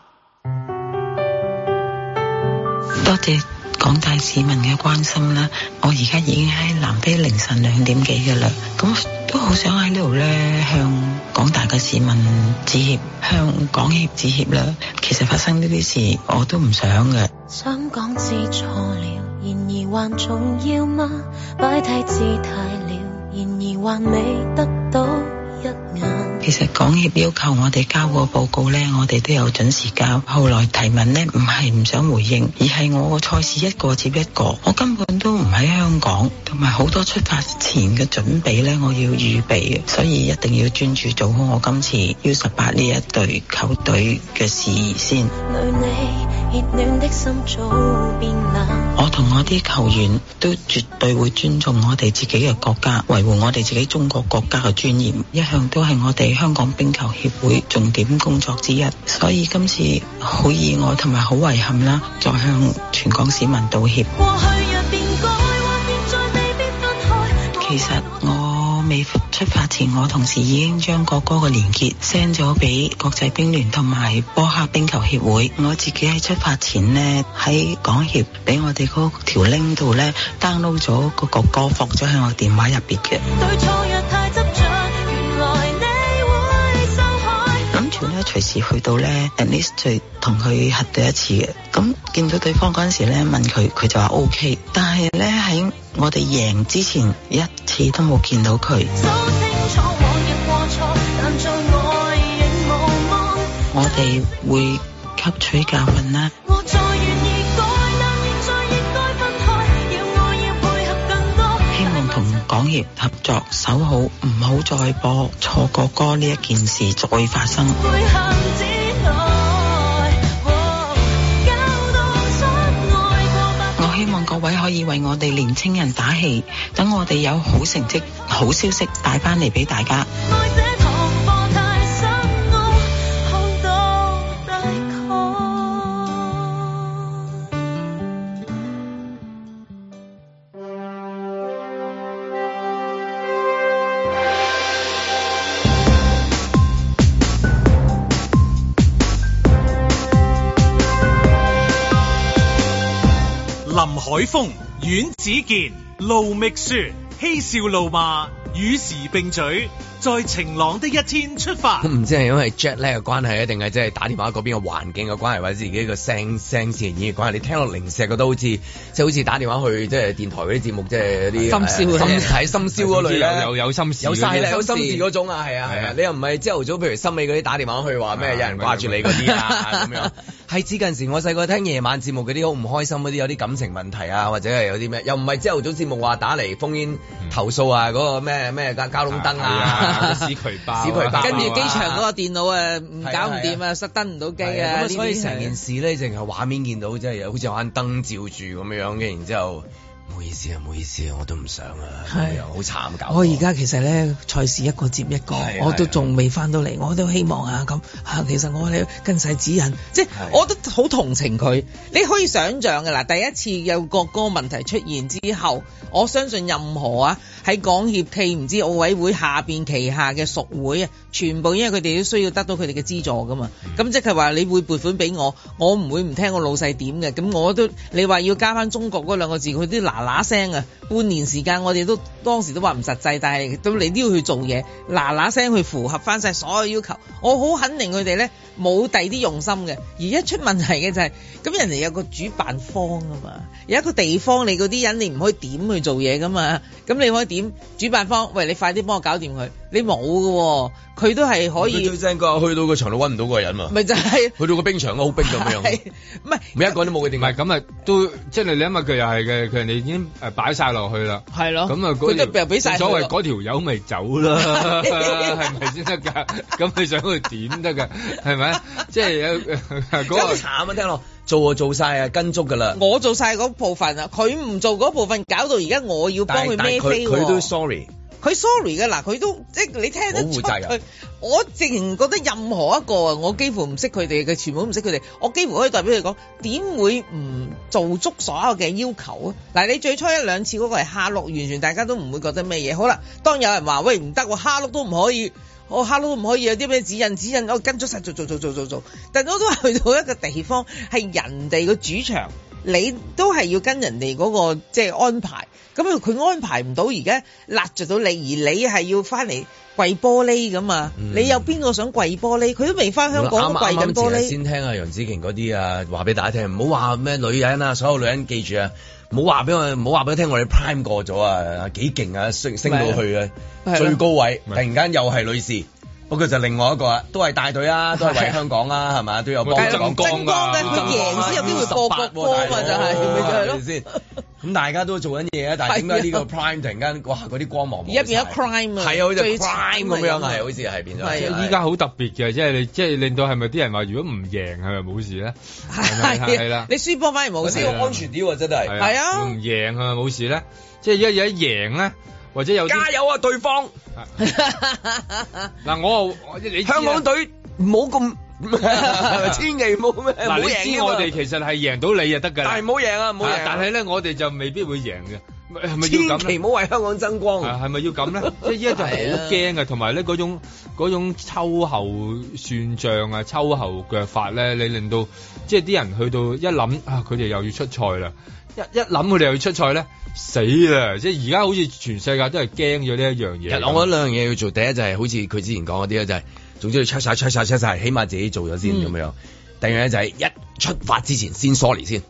多謝廣大市民嘅關心啦，我而家已經喺南非凌晨兩點幾嘅啦，咁都好想喺呢度咧向廣大嘅市民致歉，向港協致歉啦。其實發生呢啲事，我都唔想嘅。想講知錯了，然而還重要嗎？擺低姿態了，然而還未得到一眼。其實港協要求我哋交個報告呢，我哋都有準時交。後來提問呢，唔係唔想回應，而係我個賽事一個接一個，我根本都唔喺香港，同埋好多出發前嘅準備呢，我要預備，所以一定要專注做好我今次 U18 呢一隊球隊嘅事宜先。我同我啲球員都絕對會尊重我哋自己嘅國家，維護我哋自己中國國家嘅尊嚴，一向都係我哋香港冰球協會重點工作之一。所以今次好意外同埋好遺憾啦，再向全港市民道歉。其實我。未出發前，我同事已經將國歌嘅連結 send 咗俾國際冰聯同埋波克冰球協會。我自己喺出發前呢，喺港協俾我哋嗰條 link 度咧 download 咗個國歌放咗喺我電話入邊嘅。隨時去到咧，at least 同佢核對一次嘅。咁見到對方嗰陣時咧，問佢，佢就話 OK。但係咧喺我哋贏之前，一次都冇見到佢。So, 我哋 <music> 會吸取教訓啦。港協合作，守好，唔好再播錯過歌呢一件事再發生。我，我希望各位可以為我哋年青人打氣，等我哋有好成績、好消息帶翻嚟俾大家。風阮子健，盧覓雪，嬉笑怒罵與時並舉。在晴朗的一天出發。唔知係因為 Jack 咧嘅關係，定係即係打電話嗰邊嘅環境嘅關係，或者自己個聲聲線嘅關係，你聽落零舍，覺得好似即係好似打電話去即係電台嗰啲節目，即係啲深宵嘅，喺深宵嗰類咧，又有心事，有曬力有心事嗰種啊，係啊，係啊，你又唔係朝頭早，譬如深夜嗰啲打電話去話咩有人掛住你嗰啲啊咁樣。指近時我細個聽夜晚節目嗰啲好唔開心嗰啲，有啲感情問題啊，或者係有啲咩，又唔係朝頭早節目話打嚟烽煙投訴啊，嗰個咩咩交交通燈啊。 <laughs> 屎渠霸、啊，跟住機場嗰個電腦啊，唔 <laughs> 搞唔掂啊，啊登唔到機啊，啊些啊所以成件事咧，淨係、啊、畫面見到，即係好似有盞燈照住咁樣嘅，然之後。 <laughs> 唔好意思啊，唔好意思，啊，我都唔想啊，係好、啊、慘㗎。我而家其實咧賽事一個接一個，啊、我都仲未翻到嚟，我都希望啊咁啊。其實我你跟晒指引，即係、啊、我都好同情佢。你可以想象嘅啦，第一次有國歌問題出現之後，我相信任何啊喺港協暨唔知奧委會下邊旗下嘅屬會啊，全部因為佢哋都需要得到佢哋嘅資助噶嘛。咁、嗯、即係話你會撥款俾我，我唔會唔聽我老細點嘅。咁我都你話要加翻中國嗰兩個字，佢啲嗱嗱聲啊！半年時間，我哋都當時都話唔實際，但係到你都要去做嘢，嗱嗱聲去符合翻晒所有要求。我好肯定佢哋咧冇第二啲用心嘅。而一出問題嘅就係，咁人哋有個主辦方噶嘛，有一個地方你嗰啲人你唔可以點去做嘢噶嘛，咁你可以點？主辦方，喂，你快啲幫我搞掂佢。你冇㗎喎，佢都係可以。佢最正嘅，去到個場都揾唔到個人。咪就係去到個冰場都好冰咁樣。唔係。每一個都冇佢定。唔係咁啊，都即係你諗下，佢又係嘅，佢人哋已經誒擺晒落去啦。係咯。咁啊，佢畀晒。所謂嗰條友咪走啦，係咪先得㗎？咁佢想去點得㗎？係咪？即係嗰個。真係好慘啊！聽落做就做晒曬，跟足㗎啦。我做晒嗰部分啊，佢唔做嗰部分，搞到而家我要幫佢孭飛。佢都 sorry。佢 sorry 嘅，嗱佢都即係你聽得出佢。我，我直情覺得任何一個啊，我幾乎唔識佢哋嘅，全部唔識佢哋。我幾乎可以代表佢講，點會唔做足所有嘅要求啊？嗱，你最初一兩次嗰個係哈洛，完全大家都唔會覺得咩嘢。好啦，當有人話：「喂，唔得喎！」哈洛都唔可以，我、哦、哈洛都唔可以有啲咩指引指引，我跟咗曬做做做做做做。但我都去到一個地方係人哋嘅主場。你都係要跟人哋、那、嗰個即係安排，咁佢安排唔到而家拉著到你，而你係要翻嚟跪玻璃咁啊！嗯、你有邊個想跪玻璃？佢都未翻香港、嗯嗯、都跪緊玻璃。啱啱前日先聽啊楊紫瓊嗰啲啊，話俾大家聽，唔好話咩女人啦、啊，所有女人記住啊，唔好話俾我唔好話俾我聽，我哋 prime 過咗啊，幾勁啊，升升到去嘅、啊、的最高位，的突然間又係女士。咁就另外一個啊，都係大隊啊，都係為香港啊，係嘛？都有幫爭光㗎。佢贏先有機會破國光啊，就係先咁大家都做緊嘢啊，但係點解呢個 Prime 突然間哇嗰啲光芒？而家變咗 Prime 啊，係啊，好似 Prime 咁樣啊，好似係變咗。依家好特別嘅，即係你即係令到係咪啲人話，如果唔贏係咪冇事咧？係係啦，你輸波反而冇事，安全啲喎，真係。係啊。唔贏係咪冇事咧？即係一一贏咧。或者有加油啊！對方嗱，我香港隊唔好咁，千祈唔好咩唔好贏啊！嗱，你知我哋其實係贏到你就得噶啦，但係唔好贏啊，唔好贏！但係咧，我哋就未必會贏嘅，係咪要咁咧？千祈唔好為香港爭光啊！係咪要咁咧？即係依家就好驚啊，同埋咧嗰種嗰種秋後算帳啊、秋後腳法咧，你令到即係啲人去到一諗啊，佢哋又要出賽啦。一一諗佢哋又要出賽咧，死啦！即係而家好似全世界都係驚咗呢一樣嘢。我覺得兩樣嘢要做，第一就係好似佢之前講嗰啲啦，就係總之要出晒、出晒、出晒，起碼自己做咗先咁樣樣。第二咧就係一出發之前先 sorry 先。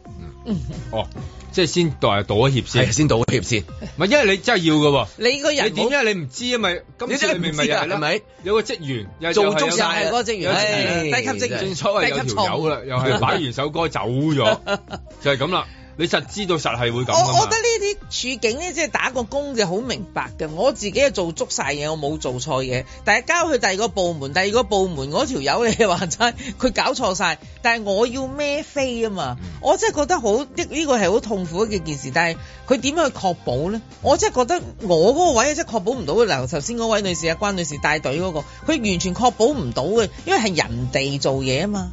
哦，即係先代道一歉先，先道一歉先。唔係，因為你真係要嘅。你個人點解你唔知啊？咪今次明明咪係咪有個職員做足晒嗰個職員，低級職員最初，有條友啦，又係擺完首歌走咗，就係咁啦。你實知道實係會咁我，我覺得呢啲處境呢，即係打個工就好明白嘅。我自己係做足晒嘢，我冇做錯嘢。但係交去第二個部門，第二個部門嗰條友你話齋，佢搞錯晒。但係我要孭飛啊嘛！我真係覺得好呢呢個係好痛苦嘅一件事。但係佢點樣去確保呢？我真係覺得我嗰個位啊，真係確保唔到。嗱，頭先嗰位女士啊，關女士帶隊嗰個，佢完全確保唔到嘅，因為係人哋做嘢啊嘛。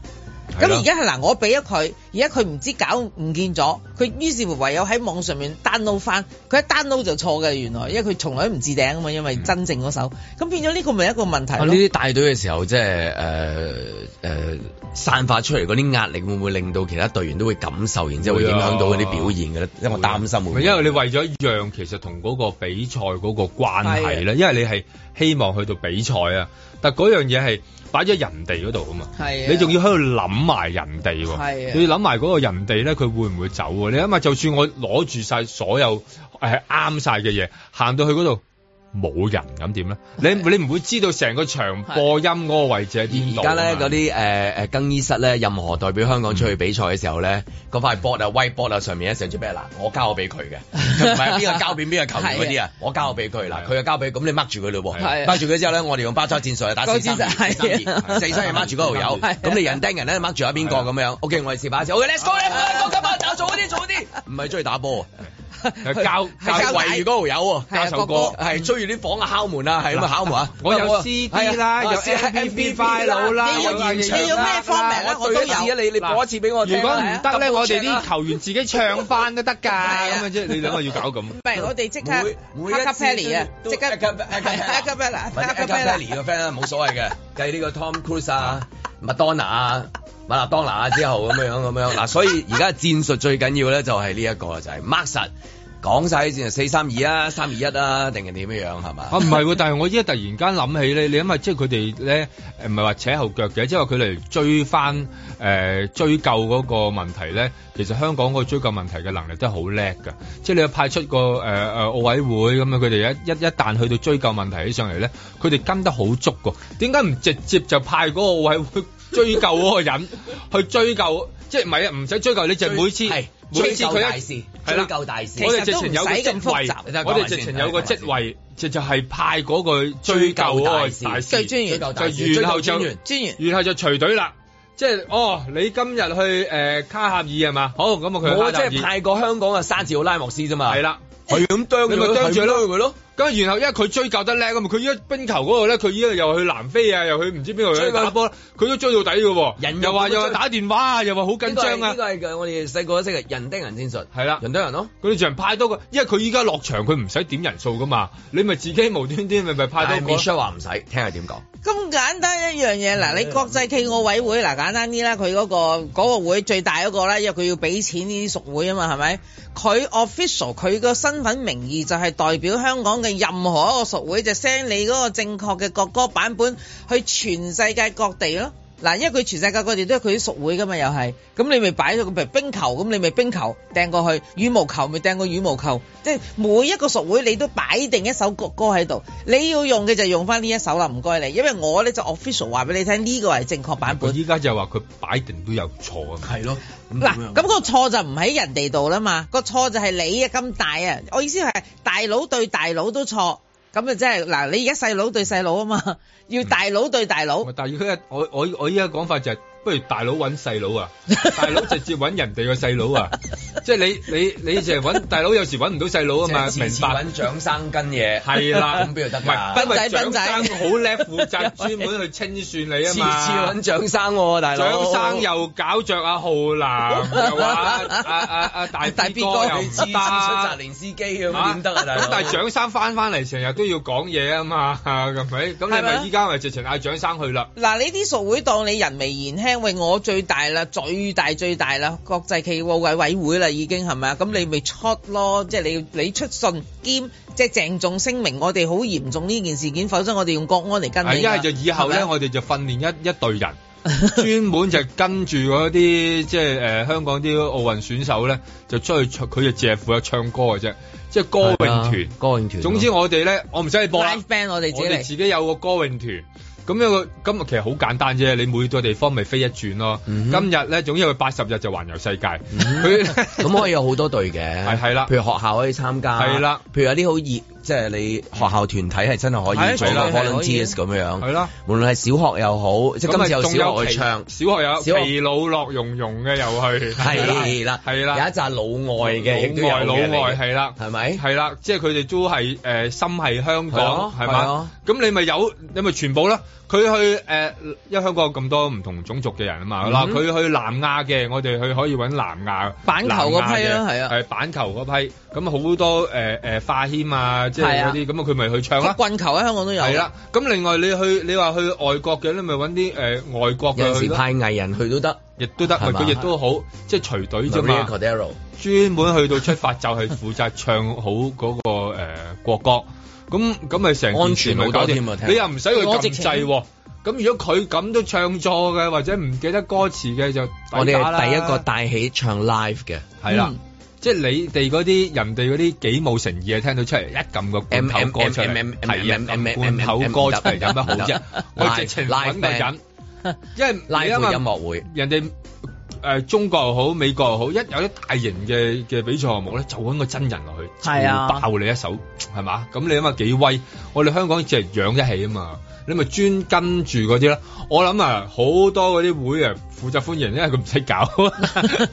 咁而家係嗱，我俾咗佢，而家佢唔知搞唔見咗，佢於是乎唯有喺網上面 download 翻，佢一 download 就錯嘅，原來，因為佢從來唔置頂啊嘛，因為真正嗰首，咁、嗯、變咗呢個咪一個問題。呢啲帶隊嘅時候，即係誒誒散發出嚟嗰啲壓力，會唔會令到其他隊員都會感受，然之後會影響到嗰啲表現嘅咧？啊、因為我擔心會,會因為你為咗讓其實同嗰個比賽嗰個關係咧，啊、因為你係希望去到比賽啊。但嗰樣嘢係擺咗人哋嗰度啊嘛，你仲要喺度諗埋人哋，你要諗埋嗰個人哋咧，佢會唔會走啊？你諗下，就算我攞住晒所有誒啱晒嘅嘢，行到去嗰度。冇人咁點咧？你你唔會知道成個場播音個位置喺邊？而家咧嗰啲誒誒更衣室咧，任何代表香港出去比賽嘅時候咧，嗰塊 board 啊、威 board 啊上面寫住咩？嗱，我交我俾佢嘅，唔係邊個交邊邊個球員嗰啲啊？我交我俾佢，嗱，佢又交俾，咁你掹住佢咯喎。係。掹住佢之後咧，我哋用包抄戰術去打四三二三二四三二，掹住嗰條友。咁你人盯人咧，掹住阿邊個咁樣？OK，我哋試下 OK，Let's go！你唔好咁急啊，早啲，早啲。唔係中意打波啊，係教教圍住嗰條友啊，加首歌係追。住啲房啊！敲門啊，係咁啊！敲門啊！我有 CD 啦，有 MV 快佬啦，你要你要咩方面我都有啊！你你播一次俾我如果唔得咧，我哋啲球員自己唱翻都得㗎，咁即啫！你兩個要搞咁？唔係我哋即刻。每每一張。即刻係啦，係啦，係啦。麥克菲尼個 friend 啊，冇所謂嘅，計呢個 Tom Cruise 啊、Madonna 啊、麥辣當娜啊之後咁樣樣咁樣。嗱，所以而家戰術最緊要咧就係呢一個就係 mark 實。講晒啲先啊，四三二啊，三二一啊，定係點樣樣係嘛？啊，唔係，但係我依家突然間諗起咧，你諗下，即係佢哋咧，誒，唔係話扯後腳嘅，即係話佢哋追翻誒追究嗰個問題咧。其實香港個追究問題嘅能力都好叻噶。即係你有派出個誒誒奧委會咁啊，佢哋一一一旦去到追究問題起上嚟咧，佢哋跟得好足噶。點解唔直接就派嗰個奧委會追究嗰個人去追究？即係唔係啊？唔使追究，你就每次。追佢大使，係啦，追大使。我哋直情有個職位，我哋直情有個職位，就就係派嗰個追究大使，專員，就然後就專員，專員，然後就隨隊啦。即係哦，你今日去誒卡塔爾係嘛？好，咁啊佢。我即係派個香港嘅沙治奧拉莫斯啫嘛。係啦，係咁啄住咪啄住咯，佢咪咯。咁然後因為佢追究得叻咁啊，佢依家冰球嗰度咧，佢依家又去南非啊，又去唔知邊度佢都追到底嘅喎。又話又話打電話又話好緊張啊。呢個係，這個、我哋細個識嘅，人盯人戰術係啦，的人盯人咯，哦。佢仲派多個，因為佢依家落場佢唔使點人數噶嘛，你咪自己無端端咪咪派多個。Official 話唔使，聽下點講。咁簡單一樣嘢嗱，你國際奧委會嗱簡單啲啦，佢嗰，那個嗰，那個會最大嗰個咧，因為佢要俾錢啲熟會啊嘛，係咪？佢 official 佢個身份名義就係代表香港嘅。任何一個屬會就 send 你嗰個正確嘅國歌版本去全世界各地咯，嗱，因為佢全世界各地都有佢啲屬會噶嘛。又係，咁你咪擺咗個譬如冰球，咁你咪冰球掟過去，羽毛球咪掟個羽毛球，即係每一個屬會你都擺定一首國歌喺度，你要用嘅就用翻呢一首啦，唔該你，因為我咧就 official 話俾你聽，呢個係正確版本。依家就話佢擺定都有錯啊，係咯。嗱，咁、嗯那個錯就唔喺人哋度啦嘛，個錯就係你啊咁大啊！我意思係大佬對大佬都錯，咁啊即係嗱，你而家細佬對細佬啊嘛，要大佬對大佬。但係而家我我我依家講法就係、是。不如大佬揾細佬啊！大佬直接揾人哋個細佬啊！即係你你你淨係揾大佬，有時揾唔到細佬啊嘛！明白？揾長生跟嘢係啦，咁邊度得㗎？唔係，長生好叻負責，專門去清算你啊嘛！次次揾長生喎，大佬！長生又搞著阿浩南，又話阿阿阿大哥又唔花，雜聯司機咁點得啊？大佬！但係長生翻翻嚟成日都要講嘢啊嘛，係咪？咁你咪依家咪直情嗌長生去啦？嗱，呢啲熟會當你人微言輕。因為我最大啦，最大最大啦，國際體育委委會啦，已經係咪啊？咁你咪出咯，即係你你出信兼即係鄭重聲明，我哋好嚴重呢件事件，否則我哋用國安嚟跟你。係，一係就以後咧，吧我哋就訓練一一隊人，專門就跟住嗰啲即係誒、呃、香港啲奧運選手咧，就出去唱，佢就只係負責唱歌嘅啫，即係歌詠團，啊。歌詠團，啊。總之我哋咧，我唔使你播，Band, 我哋自己我哋自己有個歌詠團。咁樣嘅今日其實好簡單啫，你每個地方咪飛一轉咯。嗯、哼今日咧，總之佢八十日就環遊世界。佢咁可以有好多隊嘅，係係啦。譬如學校可以參加，係啦了。譬如有啲好熱。即係你學校團體係真係可以做啦，可能 G S 咁樣係啦，無論係小學又好，即係今次有小學去唱，小學又肥佬樂融融嘅又去，係啦，係啦，有一紮老外嘅，老外老外係啦，係咪？係啦，即係佢哋都係誒心係香港，係咪？咁你咪有，你咪全部啦。佢去誒，因為香港有咁多唔同種族嘅人啊嘛，嗱，佢去南亞嘅，我哋去可以揾南亞板球嗰批咯，係啊，係板球嗰批，咁好多誒誒化纖啊，即係嗰啲，咁啊佢咪去唱啊？棍球喺香港都有，係啦。咁另外你去，你話去外國嘅，你咪揾啲誒外國嘅，派藝人去都得，亦都得，佢亦都好，即係隨隊啫嘛。Maria Cordero，專門去到出發就係負責唱好嗰個誒國歌。咁咁咪成安全冇搞掂，你又唔使去節制。咁如果佢咁都唱錯嘅，或者唔記得歌詞嘅，就我哋係第一個帶起唱 live 嘅，係啦，即係你哋嗰啲人哋嗰啲幾冇誠意啊！聽到出嚟一撳個 M 口歌出嚟，係啊，M 口歌出嚟有乜好啫？佢直情揾嚟揾，因為因為音樂會人哋。誒、呃，中國又好，美國又好，一有一大型嘅嘅比賽項目咧，就揾個真人落去，爆你一手係是、啊、嘛？咁你諗下幾威？我哋香港只係養得起啊嘛！你咪專跟住嗰啲咯，我諗啊好多嗰啲會啊負責歡迎，因為佢唔使搞，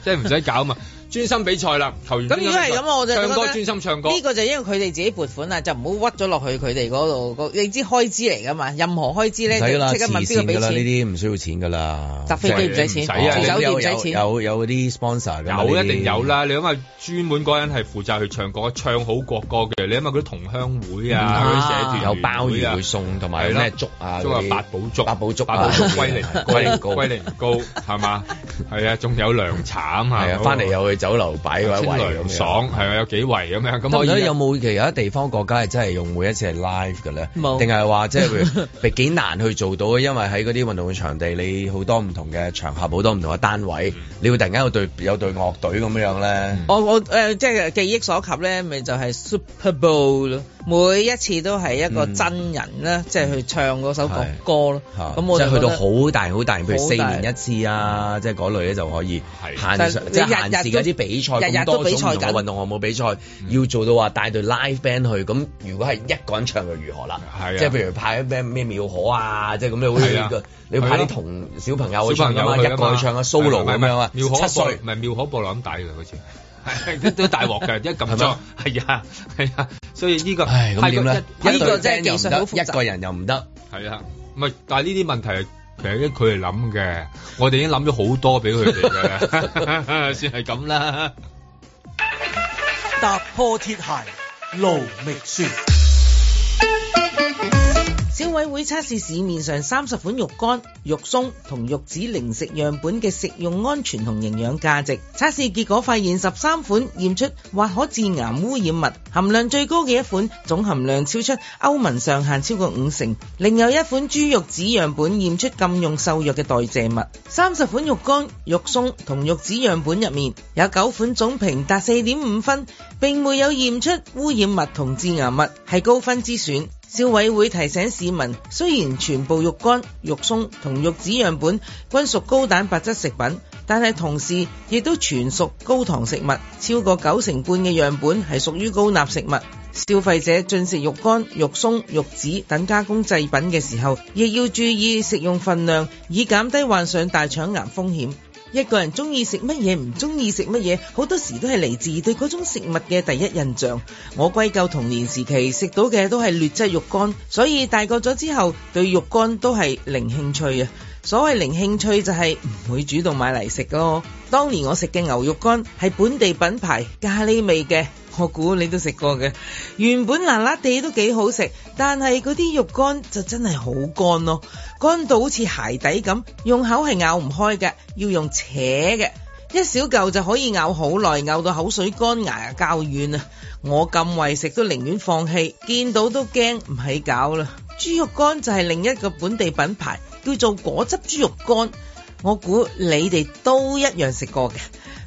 即係唔使搞嘛，專心比賽啦。球員咁如果係咁，我就覺得專心唱歌呢個就因為佢哋自己撥款啊，就唔好屈咗落去佢哋嗰度，你知開支嚟噶嘛，任何開支咧。唔使啦，即刻問邊個俾錢啦？呢啲唔需要錢噶啦，搭飛機唔使錢，住酒店唔使錢，有有嗰啲 sponsor 嘅。有一定有啦，你諗下專門嗰人係負責去唱歌，唱好國歌嘅，你諗下嗰啲同鄉會啊，有包月會送同埋咩？粥啊，都話八寶粥，八寶粥，八寶粥，龜苓龜苓膏，龜苓膏，係嘛？係啊，仲有涼茶啊嘛，翻嚟又去酒樓擺，哇，圍咁爽，係啊，有幾圍咁樣咁。唔知有冇其他地方國家係真係用每一次係 live 嘅咧？定係話即係幾難去做到？因為喺嗰啲運動場地，你好多唔同嘅場合，好多唔同嘅單位，你會突然間有隊有隊樂隊咁樣咧。我我誒，即係記憶所及咧，咪就係 Super Bowl 咯。每一次都係一個真人咧，即係去唱嗰首歌歌咯。咁我即去到好大好大，譬如四年一次啊，即係嗰類咧就可以。係。就你日日嗰啲比賽，日日都比咁多種唔同嘅運動項目比賽，要做到話帶隊 live band 去。咁如果係一個人唱又如何啦？係啊。即係譬如派咩咩妙可啊，即係咁樣好似個，你要派啲同小朋友去唱啊，一個去唱個 solo 咁樣啊。妙可，七歲，唔係妙可布朗大嘅好似。係 <laughs> 都大鑊嘅，一撳錯係啊係啊，啊，所以、呢個、樣樣呢個係咁點咧？呢個即係技術一個人又唔得，係 <laughs> 啊。唔係，但係呢啲問題其實因佢哋諗嘅，我哋已經諗咗好多俾佢哋嘅， <laughs> <laughs> 算係咁啦。踏破鐵鞋路未説。消委會測試市面上三十款肉乾、肉鬆同肉子零食樣本嘅食用安全同營養價值。測試結果發現十三款驗出或可致癌污染物，含量最高嘅一款總含量超出歐盟上限超過五成。另有一款豬肉子樣本驗出禁用獸藥嘅代謝物。三十款肉乾、肉鬆同肉子樣本入面有九款總評達四點五分，並沒有驗出污染物同致癌物，係高分之選。消委會提醒市民，雖然全部肉乾、肉鬆同肉子樣本均屬高蛋白質食品，但係同時亦都全屬高糖食物，超過九成半嘅樣本係屬於高鈉食物。消費者進食肉乾、肉鬆、肉子等加工製品嘅時候，亦要注意食用份量，以減低患上大腸癌風險。一個人中意食乜嘢，唔中意食乜嘢，好多時都係嚟自對嗰種食物嘅第一印象。我歸咎童年時期食到嘅都係劣質肉乾，所以大個咗之後對肉乾都係零興趣啊。所謂零興趣就係唔會主動買嚟食咯。當年我食嘅牛肉乾係本地品牌咖喱味嘅。我估你都食過嘅，原本辣辣地都幾好食，但係嗰啲肉乾就真係好乾咯，哦，乾到好似鞋底咁，用口係咬唔開嘅，要用扯嘅，一小嚿就可以咬好耐，咬到口水乾牙膠軟啊！我咁為食都寧願放棄，見到都驚唔起搞啦。豬肉乾就係另一個本地品牌，叫做果汁豬肉乾，我估你哋都一樣食過嘅。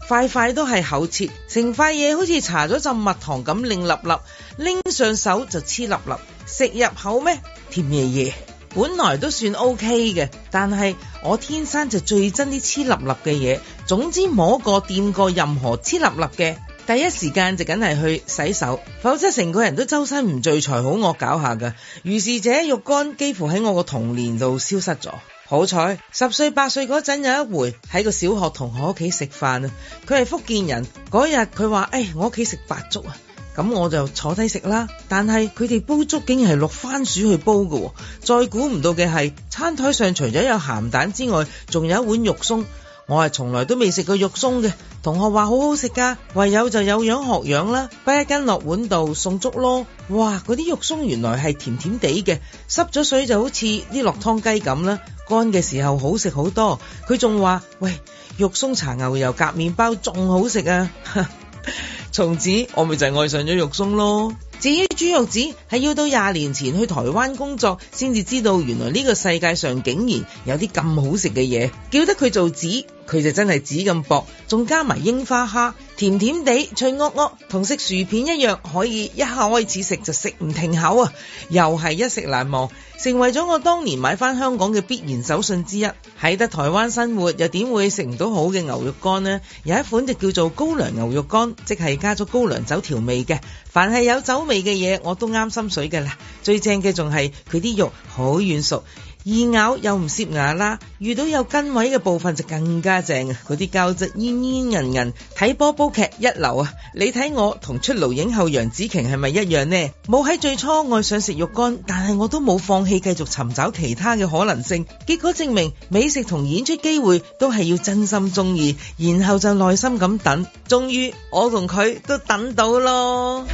塊塊都係厚切，成塊嘢好似搽咗浸蜜糖咁，擰粒粒拎上手就黐粒粒。食入口咩甜嘢嘢，本來都算 OK 嘅。但係我天生就最憎啲黐粒粒嘅嘢，總之摸過掂過任何黐粒粒嘅，第一時間就梗係去洗手，否則成個人都周身唔聚財，好惡搞下噶。於是者肉乾幾乎喺我個童年度消失咗。好彩十歲八歲嗰陣有一回喺個小學同學屋企食飯啊，佢係福建人。嗰日佢話：誒、哎，我屋企食白粥啊，咁我就坐低食啦。但係佢哋煲粥竟然係落番薯去煲㗎，再估唔到嘅係餐台上除咗有鹹蛋之外，仲有一碗肉鬆。我係從來都未食過肉鬆嘅，同學話好好食噶，唯有就有樣學樣啦，擺一斤落碗度送粥咯。哇，嗰啲肉鬆原來係甜甜地嘅，濕咗水就好似啲落湯雞咁啦，乾嘅時候好食好多。佢仲話，喂，肉鬆搽牛油夾麵包仲好食啊！從 <laughs> 此我咪就愛上咗肉鬆咯。至於豬肉紙，係要到廿年前去台灣工作先至知道，原來呢個世界上竟然有啲咁好食嘅嘢。叫得佢做紙，佢就真係紙咁薄，仲加埋櫻花蝦，甜甜地、脆噏噏，同食薯片一樣，可以一下開始食就食唔停口啊！又係一食難忘，成為咗我當年買返香港嘅必然手信之一。喺得台灣生活又點會食唔到好嘅牛肉乾呢？有一款就叫做高粱牛肉乾，即係加咗高粱酒調味嘅。凡係有酒味嘅嘢，我都啱心水噶啦。最正嘅仲係佢啲肉好軟熟。易咬又唔攝牙啦，遇到有根位嘅部分就更加正啊！嗰啲膠質煙煙韌韌，睇波煲劇一流啊！你睇我同出爐影后楊紫瓊係咪一樣咧？冇喺最初愛上食肉乾，但係我都冇放棄繼續尋找其他嘅可能性。結果證明美食同演出機會都係要真心中意，然後就耐心咁等。終於我同佢都等到咯。